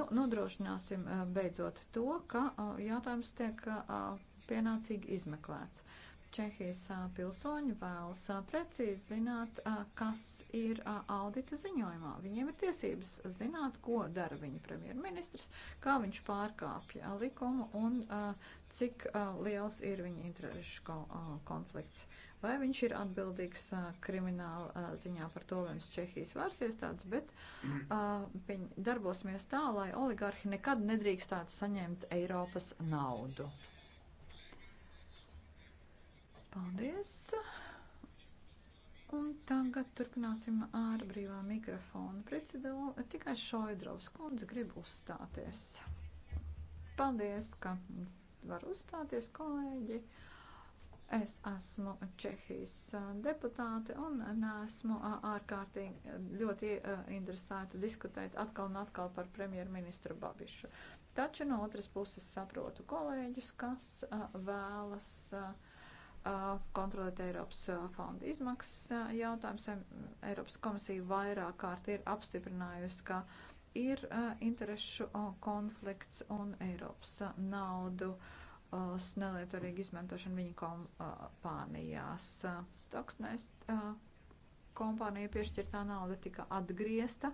Nu, nodrošināsim beidzot to, ka jautājums tiek pienācīgi izmeklēts. Čehijas pilsoņi vēlas precīzi zināt, kas ir audita ziņojumā. Viņiem ir tiesības zināt, ko dara viņa premjerministrs, kā viņš pārkāpja likumu un cik liels ir viņa interešu konflikts. Vai viņš ir atbildīgs krimināla ziņā par to lems Čehijas varas iestādes, bet darbosimies tā, lai oligarhi nekad nedrīkstētu saņemt Eiropas naudu. Paldies! Un tagad turpināsim ar brīvā mikrofonu. Precidu, tikai Šoidrovs kundze grib uzstāties. Paldies, ka var uzstāties, kolēģi. Es esmu Čehijas deputāte un neesmu ārkārtīgi ļoti interesēta diskutēt atkal un atkal par premjerministru Babišu. Taču no otras puses saprotu kolēģus, kas vēlas. Uh, kontrolēt Eiropas fonda izmaksas jautājums. Eiropas komisija vairāk kārt ir apstiprinājusi, ka ir interešu konflikts un Eiropas naudu nelietorīgi izmantošana viņa kompānijās. Stoksnēs kompānija piešķirtā nauda tika atgriezta,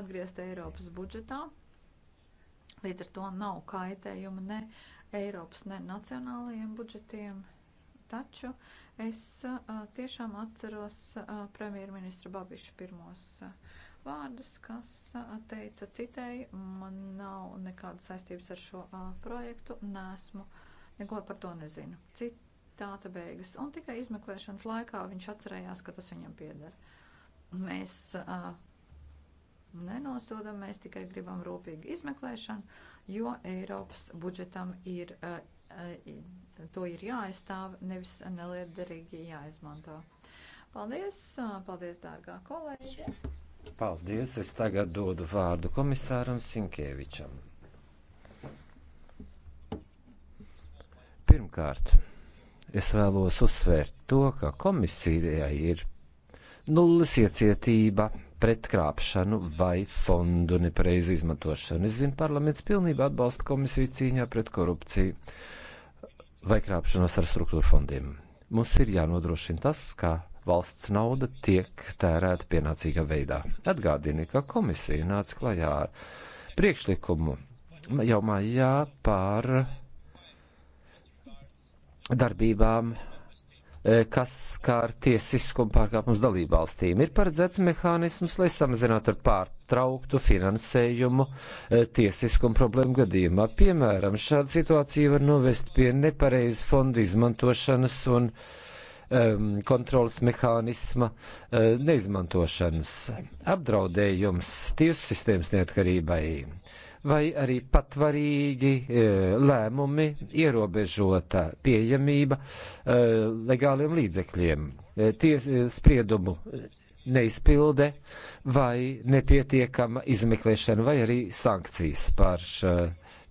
atgriezta Eiropas budžetā. Līdz ar to nav kaitējuma ne Eiropas, ne nacionālajiem budžetiem. Taču es tiešām atceros premjerministra Babiša pirmos vārdus, kas teica citēji, man nav nekāda saistības ar šo projektu, nesmu, neko par to nezinu. Citāta beigas. Un tikai izmeklēšanas laikā viņš atcerējās, ka tas viņam pieder. Mēs nenosodam, mēs tikai gribam rūpīgu izmeklēšanu, jo Eiropas budžetam ir to ir jāaizstāv, nevis neliederīgi jāizmanto. Paldies, paldies, dārgā kolēģe! Paldies, es tagad dodu vārdu komisāram Sinkievičam. Pirmkārt, es vēlos uzsvērt to, ka komisijai ir nulles iecietība pret krāpšanu vai fondu nepareizu izmantošanu. Es zinu, parlaments pilnībā atbalsta komisiju cīņā pret korupciju vai krāpšanos ar struktūra fondiem. Mums ir jānodrošina tas, ka valsts nauda tiek tērēta pienācīgā veidā. Atgādini, ka komisija nāca klajā ar priekšlikumu jau mājā par darbībām E, kas skār tiesiskumu pārkāpumus dalībvalstīm. Ir paredzēts mehānisms, lai samazinātu ar pārtrauktu finansējumu e, tiesiskumu problēmu gadījumā. Piemēram, šāda situācija var novest pie nepareizu fondu izmantošanas un um, kontrolas mehānisma uh, neizmantošanas, apdraudējums tiesu sistēmas neatkarībai. Uh, vai arī patvarīgi e, lēmumi ierobežota pieejamība e, legāliem līdzekļiem, e, ties, spriedumu neizpilde vai nepietiekama izmeklēšana vai arī sankcijas par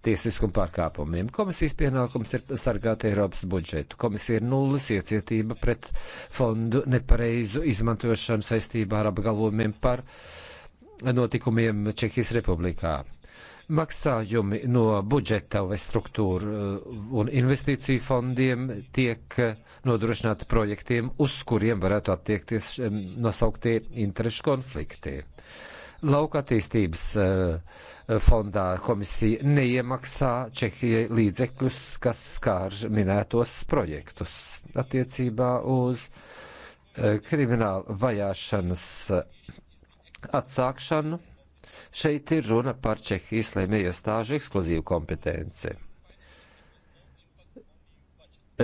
tiesiskumu pārkāpumiem. Komisijas pienākums ir sargāt Eiropas budžetu. Komisija ir nulles iecietība pret fondu nepareizu izmantošanu saistībā ar apgalvojumiem par notikumiem Čehijas republikā. Maksājumi no budžeta vai struktūra uh, un investīciju fondiem tiek uh, nodrošināti projektiem, uz kuriem varētu attiekties um, nosauktie interešu konflikti lauka attīstības uh, fondā komisija neiemaksā Čehijai līdzekļus, kas skār minētos projektus attiecībā uz kriminālu vajāšanas atsākšanu. Šeit ir runa par Čehijas lēmēju iestāžu ekskluzīvu kompetenci.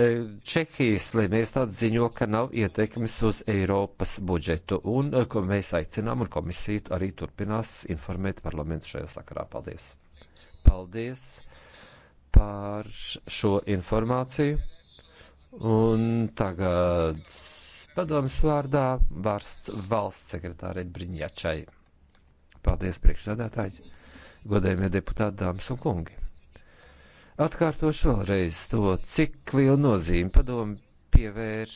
E, Čehijas lēmējas tāds ziņo, ka nav ietekmes uz Eiropas budžetu, un e, ko mēs aicinām, un komisija arī turpinās informēt parlamentu šajā sakarā. Paldies! Paldies par šo informāciju, un tagad padomas vārdā vārsts valsts sekretārei Briņķai. Paldies, priekšsēdētāji, godējumie deputāti, dāmas un kungi. Atkārtošu vēlreiz to, cik lielu nozīmi padomu pievērš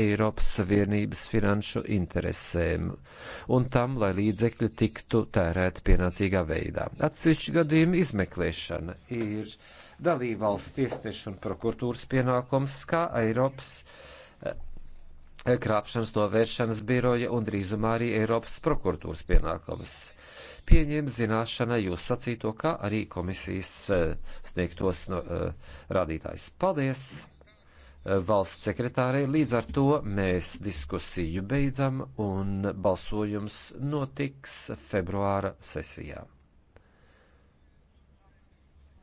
Eiropas Savienības finanšu interesēm un tam, lai līdzekļi tiktu tērēti pienācīgā veidā. Atsevišķu gadījumu izmeklēšana ir dalībvalsts tiesnešu un prokuratūras pienākums, kā Eiropas krāpšanas novēršanas biroja un drīzumā arī Eiropas prokuratūras pienākums. Pieņem zināšanai jūs sacīto, kā arī komisijas eh, sniegtos no, eh, rādītājs. Paldies! Eh, valsts sekretārei līdz ar to mēs diskusiju beidzam un balsojums notiks februāra sesijā.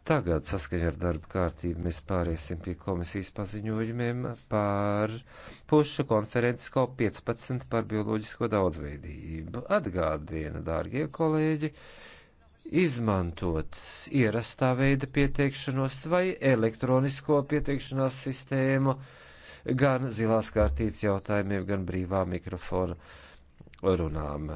Tagad, saskaņā ar darba kārtību, mēs pāriesim pie komisijas paziņojumiem par pušu konferences COP15 par bioloģisko daudzveidību. Atgādiena, dārgie kolēģi, izmantot ierastā veida pieteikšanos vai elektronisko pieteikšanās sistēmu gan zilās kārtītes jautājumiem, gan brīvā mikrofona runām.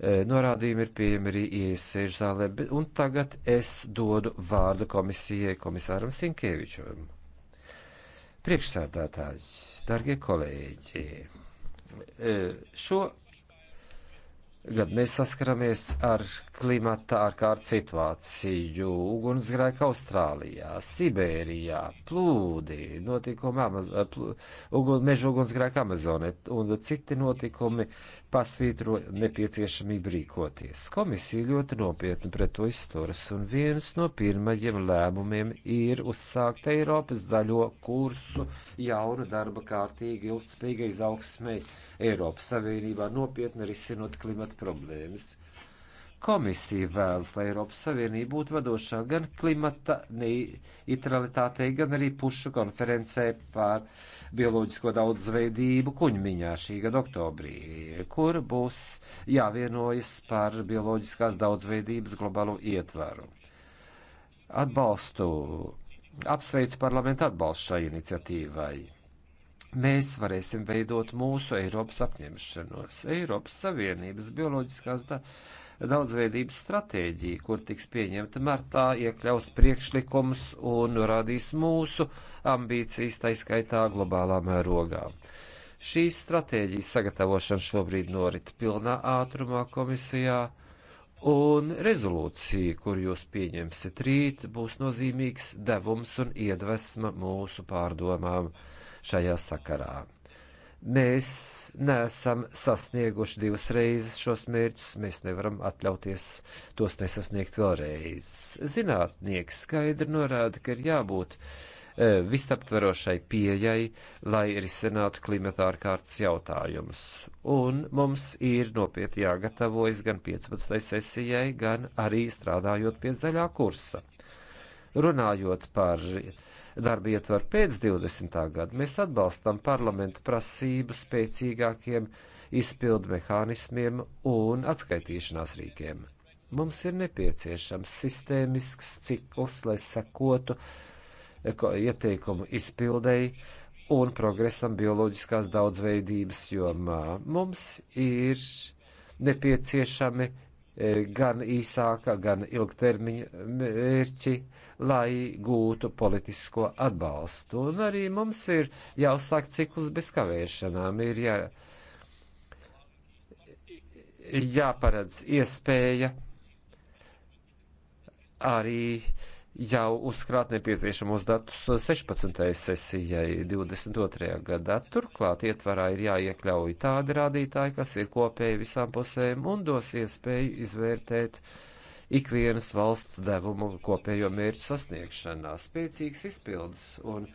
E, norādījumi ir pieejami arī iesēžu zālē, bet, un tagad es dodu vārdu komisijai komisāram Sinkievičam. Priekšsēdētājs, dargie kolēģi, e, šo gadu mēs saskaramies ar klimata ārkārtas situāciju, ugunsgrēku Austrālijā, Sibērijā, plūdi, notikumi Amaz eh, plū, ugun, meža ugunsgrēku Amazonē un citi notikumi pasvītro nepieciešamību rīkoties. Komisija ļoti nopietni pret to izturas, un viens no pirmajiem lēmumiem ir uzsākt Eiropas zaļo kursu jaunu darba kārtīgi ilgspīgai izaugsmei Eiropas Savienībā nopietni risinot klimata risināt problēmas. Komisija vēlas, lai Eiropas Savienība būtu vadošā gan klimata neutralitātei, gan arī pušu konferencē par bioloģisko daudzveidību kuņmiņā šī gada oktobrī, kur būs jāvienojas par bioloģiskās daudzveidības globālo ietvaru. Atbalstu, apsveicu parlamentu atbalstu šai iniciatīvai mēs varēsim veidot mūsu Eiropas apņemšanos. Eiropas Savienības bioloģiskās da daudzveidības stratēģija, kur tiks pieņemta martā, iekļaus priekšlikums un norādīs mūsu ambīcijas, taiskaitā globālā mērogā. Šīs stratēģijas sagatavošana šobrīd norit pilnā ātrumā komisijā, un rezolūcija, kur jūs pieņemsiet rīt, būs nozīmīgs devums un iedvesma mūsu pārdomām šajā sakarā. Mēs neesam sasnieguši divas reizes šos mērķus, mēs nevaram atļauties tos nesasniegt vēlreiz. Zinātnieki skaidri norāda, ka ir jābūt e, visaptverošai pieejai, lai risinātu klimata ārkārtas jautājumus. Un mums ir nopietni jāgatavojas gan 15. sesijai, gan arī strādājot pie zaļā kursa. Runājot par uh, darba ietvaru pēc 20. gada. Mēs atbalstam parlamentu prasību spēcīgākiem izpildu mehānismiem un atskaitīšanās rīkiem. Mums ir nepieciešams sistēmisks cikls, lai sekotu ieteikumu izpildēji un progresam bioloģiskās daudzveidības jomā. Mums ir nepieciešami E, gan īsāka, gan ilgtermiņa mērķi, lai gūtu politisko atbalstu. Un arī mums ir jāuzsāk ciklus bez kavēšanām, ir jā, jāparedz iespēja arī uh, jau uzkrāt nepieciešamos datus 16. sesijai 22. gadā. Turklāt ietvarā ir jāiekļauj tādi rādītāji, kas ir kopēji visām pusēm un dos iespēju izvērtēt ikvienas valsts devumu kopējo mērķu sasniegšanā. Spēcīgs izpildes un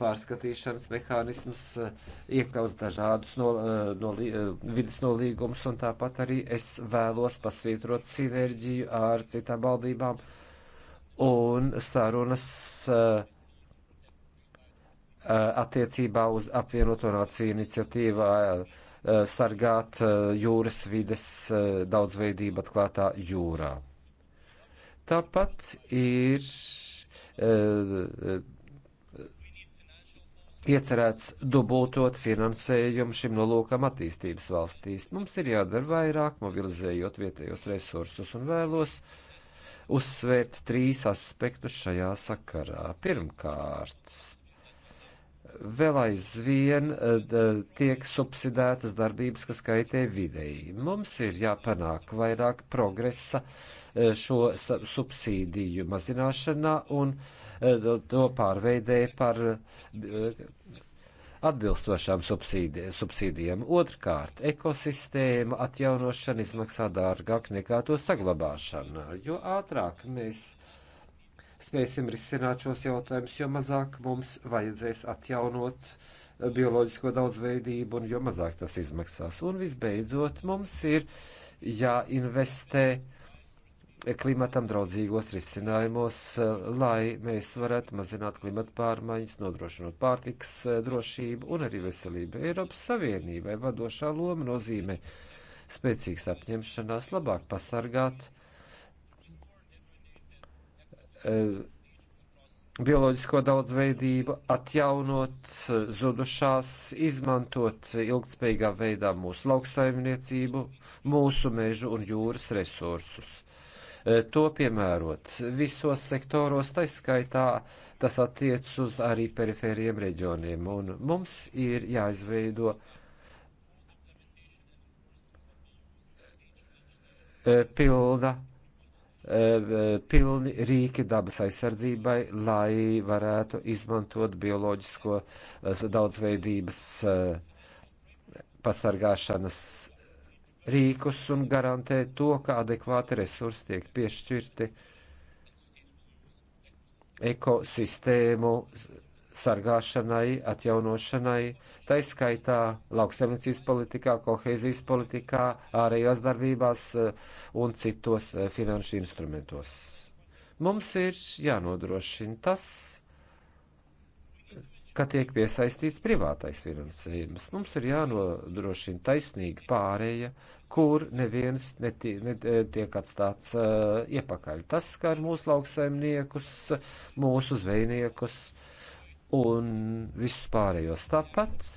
pārskatīšanas mehānisms iekļaus dažādus no, no, vidas nolīgumus un tāpat arī es vēlos pasvītrot sinerģiju ar citām valdībām un sarunas eh, eh, attiecībā uz apvienoto nāciju iniciatīvā eh, sargāt jūras vides daudzveidību atklātā jūrā. Tāpat ir iecerēts dubultot finansējumu šim nolūkam attīstības valstīs. Mums ir jādara vairāk, mobilizējot vietējos resursus un vēlos uh, uzsvērt trīs aspektus šajā sakarā. Pirmkārt, vēl aizvien eh, tiek subsidētas darbības, kas kaitē videi. Mums ir jāpanāk vairāk progresa eh, šo subsīdiju mazināšanā un eh, to pārveidē par atbilstošām subsīdijām. Otrkārt, ekosistēma atjaunošana izmaksā dārgāk nekā to saglabāšana, jo ātrāk mēs spēsim risināt šos jautājumus, jo mazāk mums vajadzēs atjaunot bioloģisko daudzveidību un jo mazāk tas izmaksās. Un visbeidzot, mums ir jāinvestē. Ja klimatam draudzīgos risinājumos, eh, lai mēs varētu mazināt klimata pārmaiņas, nodrošinot pārtiks eh, drošību un arī veselību. Eiropas Savienībai vadošā loma nozīmē spēcīgas apņemšanās labāk pasargāt eh, bioloģisko daudzveidību, atjaunot zudušās, izmantot ilgtspējīgā veidā mūsu lauksaimniecību, mūsu mežu un jūras resursus. Eh, to piemērot visos sektoros, taiskaitā tas attiec uz arī perifēriem reģioniem, un mums ir jāizveido eh, pilna eh, pilni rīki dabas aizsardzībai, lai varētu izmantot bioloģisko daudzveidības pasargāšanas rīkus un garantēt to, ka adekvāti resursi tiek piešķirti ekosistēmu sargāšanai, atjaunošanai, tai skaitā lauksaimniecības politikā, kohēzijas politikā, ārējās darbībās eh, un citos eh, finanšu instrumentos. Mums ir jānodrošina tas, ka tiek piesaistīts privātais finansējums. Mums ir jānodrošina taisnīga pārēja, kur neviens netiek, e, netiek atstāts uh, iepakaļ. Tas skar mūsu lauksaimniekus, mūsu zvejniekus un visus pārējos. Tāpat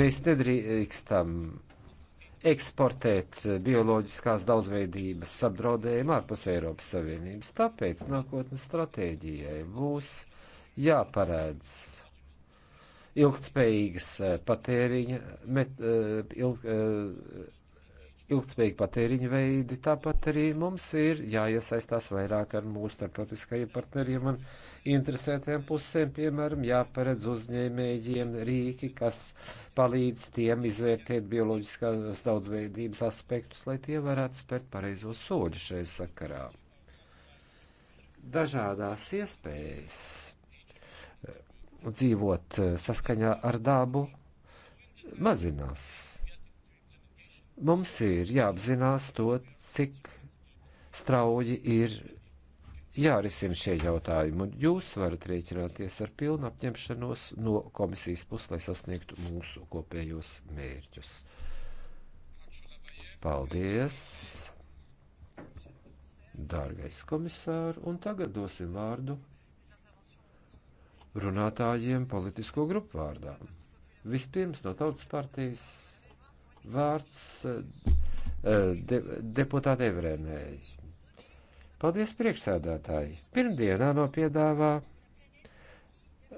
mēs nedrīkstam eksportēt bioloģiskās daudzveidības apdraudējumu ārpus Eiropas Savienības. Tāpēc nākotnes stratēģijai būs jāparēdz ilgtspējīgas eh, patēriņa, met, eh, ilg, eh, ilgtspējīgi patēriņa veidi, tāpat arī mums ir jāiesaistās vairāk ar mūsu starptautiskajiem partneriem un interesētiem pusēm, piemēram, jāparedz uzņēmējiem rīki, kas palīdz tiem izvērtēt bioloģiskās daudzveidības aspektus, lai tie varētu spērt pareizos soļus šai sakarā. Dažādās iespējas dzīvot eh, saskaņā ar dabu mazinās. Mums ir jāapzinās to, cik strauji ir jārisina šie jautājumi, un jūs varat rēķināties ar pilnu apņemšanos no komisijas puses, lai sasniegtu mūsu kopējos mērķus. Paldies, dārgais komisār, un tagad dosim vārdu runātājiem politisko grupu vārdā. Vispirms no tautas partijas vārds eh, de, deputāte Evrēnēji. Paldies priekšsēdētāji. Pirmdienā no piedāvā eh,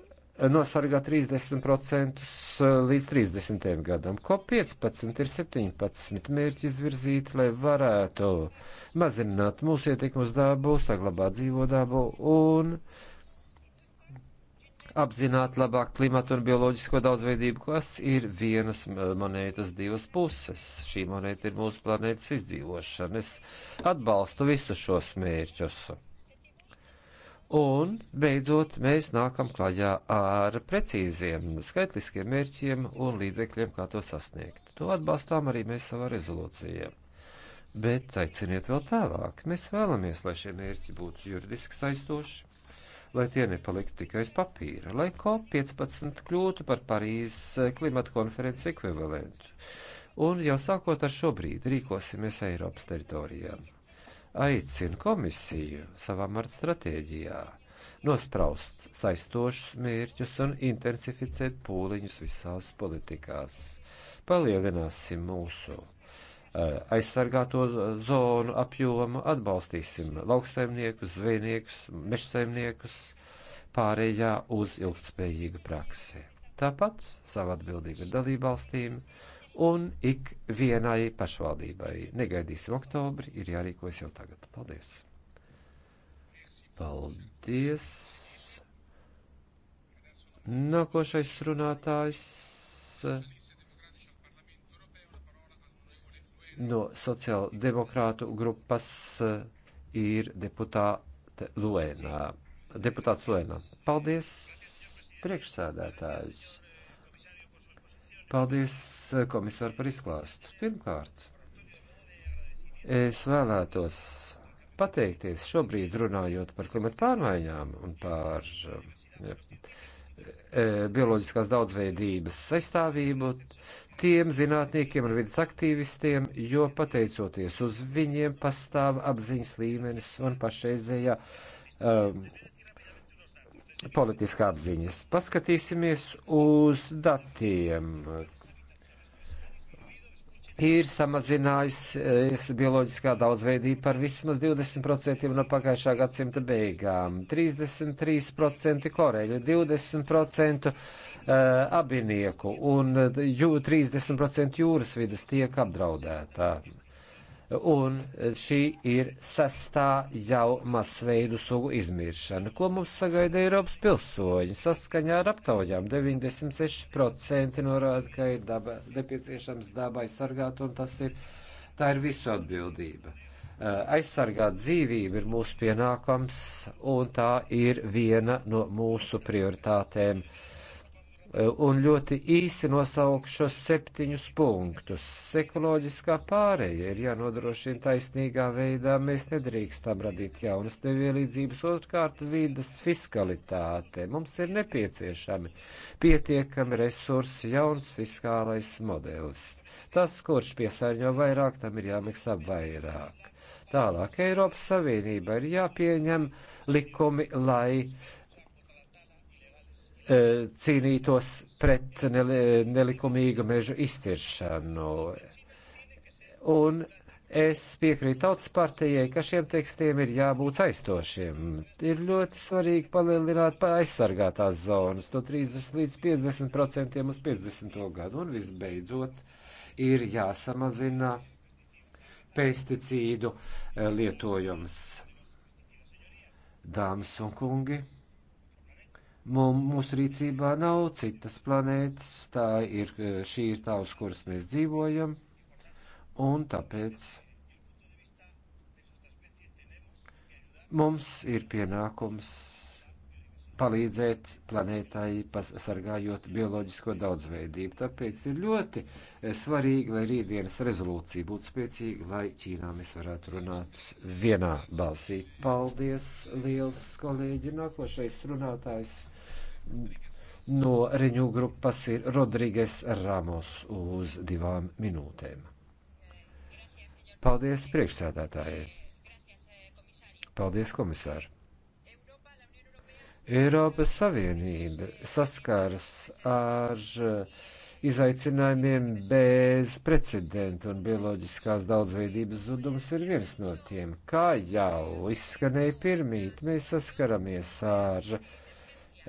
nosargā 30% eh, līdz 30. gadam. COP15 ir 17 mērķi izvirzīti, lai varētu mazināt mūsu ietekmu uz dabu, saglabāt dzīvo dabu un uh, apzināti labāk klimatu un bioloģisko daudzveidību, kas ir vienas monētas divas puses. Šī monēta ir mūsu planētas izdzīvošana. Es atbalstu visus šos mērķus. Un, beidzot, mēs nākam klajā ar precīziem, skaitliskiem mērķiem un līdzekļiem, kā to sasniegt. To atbalstām arī mēs savā rezolūcijā. Bet aiciniet vēl tālāk. Mēs vēlamies, lai šie mērķi būtu juridiski saistoši, lai tie nepaliktu tikai uz papīra, lai COP15 kļūtu par Parīzes eh, klimata konferences ekvivalentu. Un jau sākot ar šobrīd rīkosimies Eiropas teritorijā. Aicinu komisiju savā marta stratēģijā nospraust saistošus mērķus un intensificēt pūliņus visās politikās. Palielināsim mūsu Eh, aizsargāto zonu apjomu, atbalstīsim lauksaimniekus, zvejniekus, mežsaimniekus pārējā uz ilgtspējīgu praksi. Tāpat savu atbildību dalībvalstīm un ik vienai pašvaldībai. Negaidīsim oktobri, ir jārīkojas jau tagad. Paldies! Paldies! Nākošais runātājs. no sociāldemokrātu grupas eh, ir deputāte Luēnā. Deputāts Luēnā. Paldies, priekšsēdētājs. Paldies, eh, komisāri, par izklāstu. Pirmkārt, es vēlētos pateikties šobrīd runājot par klimatu pārmaiņām un par. Ja, eh, E, bioloģiskās daudzveidības aizstāvību tiem zinātniekiem un vidas aktīvistiem, jo pateicoties uz viņiem pastāv apziņas līmenis un pašreizējā um, politiskā apziņas. Paskatīsimies uz datiem, ir samazinājusi bioloģiskā daudzveidība par vismaz 20% no pagājušā gadsimta beigām, 33% koreļu, 20% abinieku un 30% eh, jūras vidas tiek apdraudētā un šī ir sestā jau masveidu sugu izmiršana. Ko mums sagaida Eiropas pilsoņi? Saskaņā ar aptaujām 96% norāda, ka ir daba, nepieciešams dabai sargāt, un tas ir, tā ir visu atbildība. Eh, aizsargāt dzīvību ir mūsu pienākums, un tā ir viena no mūsu prioritātēm. Uh, un ļoti īsi nosaukšu septiņus punktus. Ekoloģiskā pārēja ir jānodrošina taisnīgā veidā, mēs nedrīkstam radīt jaunas nevienlīdzības, otrkārt vidas fiskalitāte. Mums ir nepieciešami pietiekami resursi, jauns fiskālais modelis. Tas, kurš piesārņo vairāk, tam ir jāmaksā vairāk. Tālāk Eiropas Savienība ir jāpieņem likumi, lai E, cīnītos pret nelikumīgu mežu izciršanu. Un es piekrītu tautas partijai, ka šiem tekstiem ir jābūt aizstošiem. Ir ļoti svarīgi palielināt aizsargātās zonas no 30 līdz 50 procentiem uz 50. gadu. Un visbeidzot, ir jāsamazina pesticīdu e, lietojums. Dāmas un kungi! Mūsu rīcībā nav citas planētas, tā ir, šī ir tā, uz kuras mēs dzīvojam, un tāpēc mums ir pienākums palīdzēt planētai, pasargājot bioloģisko daudzveidību. Tāpēc ir ļoti eh, svarīgi, lai rītdienas rezolūcija būtu spēcīga, lai Ķīnā mēs varētu runāt vienā balsī. Paldies, liels kolēģi! Nākošais runātājs! No Reņu grupas ir Rodrīgas Ramos uz divām minūtēm. Paldies priekšsēdētāji. Paldies komisāri. Eiropas Savienība saskaras ar eh, izaicinājumiem bez precedenta, un bioloģiskās daudzveidības zudums ir viens no tiem. Kā jau izskanēja pirmīt, mēs saskaramies ar uh,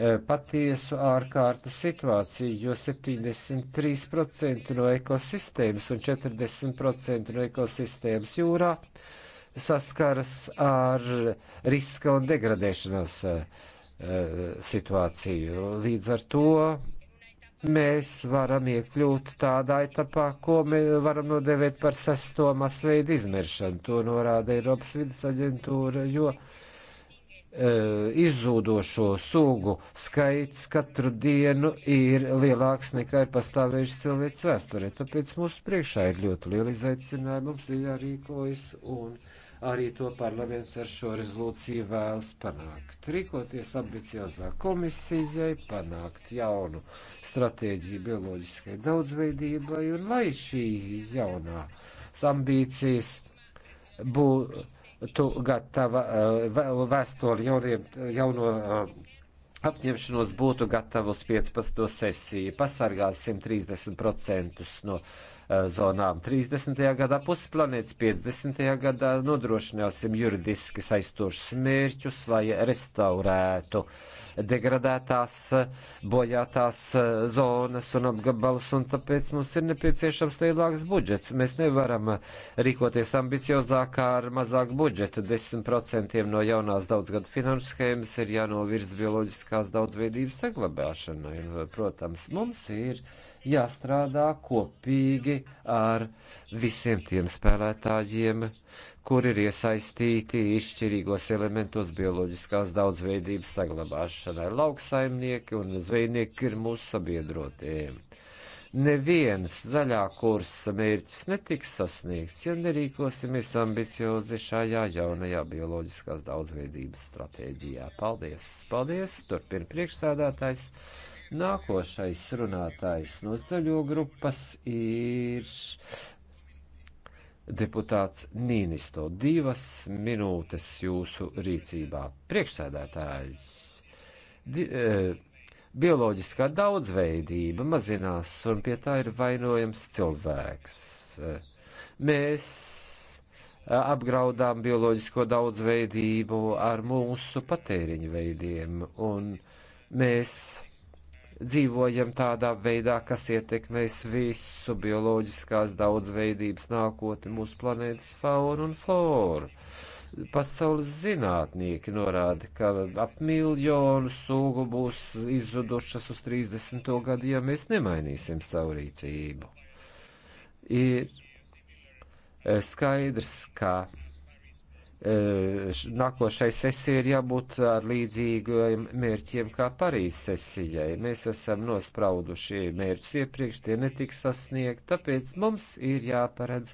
E, patiesu ārkārtas situāciju, jo 73% no ekosistēmas un 40% no ekosistēmas jūrā saskaras ar riska un degradēšanās e, e, situāciju. Līdz ar to mēs varam iekļūt tādā etapā, ko mēs varam nodevēt par sesto masveidu izmēršanu. To norāda Eiropas vidas aģentūra, jo uh, Eh, izzūdošo sugu skaits katru dienu ir lielāks nekā ir pastāvējuši cilvēks vēsturē. Tāpēc mūsu priekšā ir ļoti liela izaicinājuma, mums ir jārīkojas un arī to parlaments ar šo rezolūciju vēlas panākt. Rīkoties ambiciozā komisijai, panākt jaunu stratēģiju bioloģiskai daudzveidībai un lai šī jaunās ambīcijas būtu tu gatava eh, vēstuli jauniem, jauno eh, apņemšanos būtu gatava uz 15. sesiju, pasargās 130% no Eh, zonām 30. gadā, pusplanētas 50. gadā, nodrošināsim juridiski saistošus mērķus, lai restaurētu degradētās, eh, bojātās eh, zonas un apgabalus, un tāpēc mums ir nepieciešams lielāks budžets. Mēs nevaram rīkoties ambiciozāk ar mazāku budžetu. 10% no jaunās daudzgadu finanšu schēmas ir jānovirz bioloģiskās daudzveidības saglabāšanai. Protams, mums ir. Uh, jāstrādā kopīgi ar visiem tiem spēlētājiem, kur ir iesaistīti izšķirīgos elementos bioloģiskās daudzveidības saglabāšanai. Lauksaimnieki un zvejnieki ir mūsu sabiedrotie. Neviens zaļā kursa mērķis netiks sasniegts, ja nerīkosimies ambiciozi šajā jaunajā bioloģiskās daudzveidības stratēģijā. Paldies! Paldies! Turpin priekšsēdētājs! Nākošais runātājs no zaļo grupas ir deputāts Nīnisto. Divas minūtes jūsu rīcībā. Priekšsēdētājs. Di, e, bioloģiskā daudzveidība mazinās, un pie tā ir vainojams cilvēks. E, mēs e, apgraudām bioloģisko daudzveidību ar mūsu patēriņu veidiem, un mēs dzīvojam tādā veidā, kas ietekmēs visu bioloģiskās daudzveidības nākotni, mūsu planētas faunu un floru. Pasaules zinātnieki norāda, ka ap miljonu sugu būs izzudušas uz 30. gadu, ja mēs nemainīsim savu rīcību. Ir eh, skaidrs, ka nākošai sesijai ir jābūt ar līdzīgiem mērķiem kā Parīzes sesijai. Mēs esam nosprauduši mērķus iepriekš, tie netiks sasniegt, tāpēc mums ir jāparedz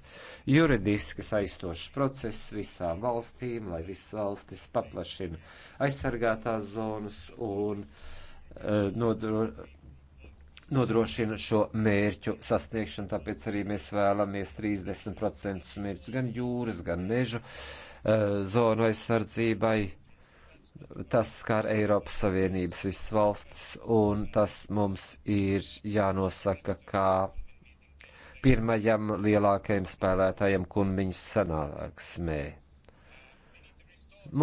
juridiski saistošs process visām valstīm, lai visas valstis paplašina aizsargātās zonas un uh, nodro, nodrošina šo mērķu sasniegšanu, tāpēc arī mēs vēlamies 30% mērķus gan jūras, gan mežu uh, Eh, zonu aizsardzībai. Tas skar Eiropas Savienības visas valstis, un tas mums ir jānosaka kā pirmajam lielākajam spēlētājam kunmiņas sanāksmē.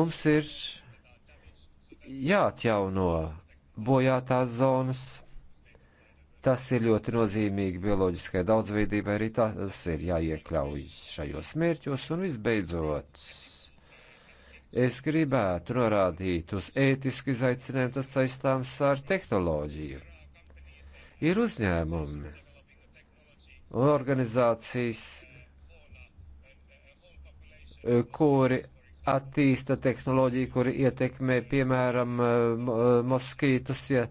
Mums ir jāatjauno bojātās zonas. Tas ir ļoti nozīmīgi bioloģiskai daudzveidībai, arī tas ir jāiekļauj šajos mērķos un visbeidzot Es gribētu norādīt uz ētisku izaicinājumu, tas saistāms ar tehnoloģiju. Ir uzņēmumi un organizācijas, kuri attīsta tehnoloģiju, kuri ietekmē, piemēram, moskītus, ja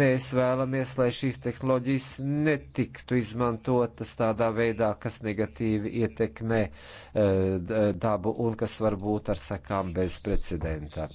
Mēs vēlamies, lai šīs tehnoloģijas netiktu izmantotas tādā veidā, kas negatīvi ietekmē eh, dabu un kas var būt ar sakām bez precedenta.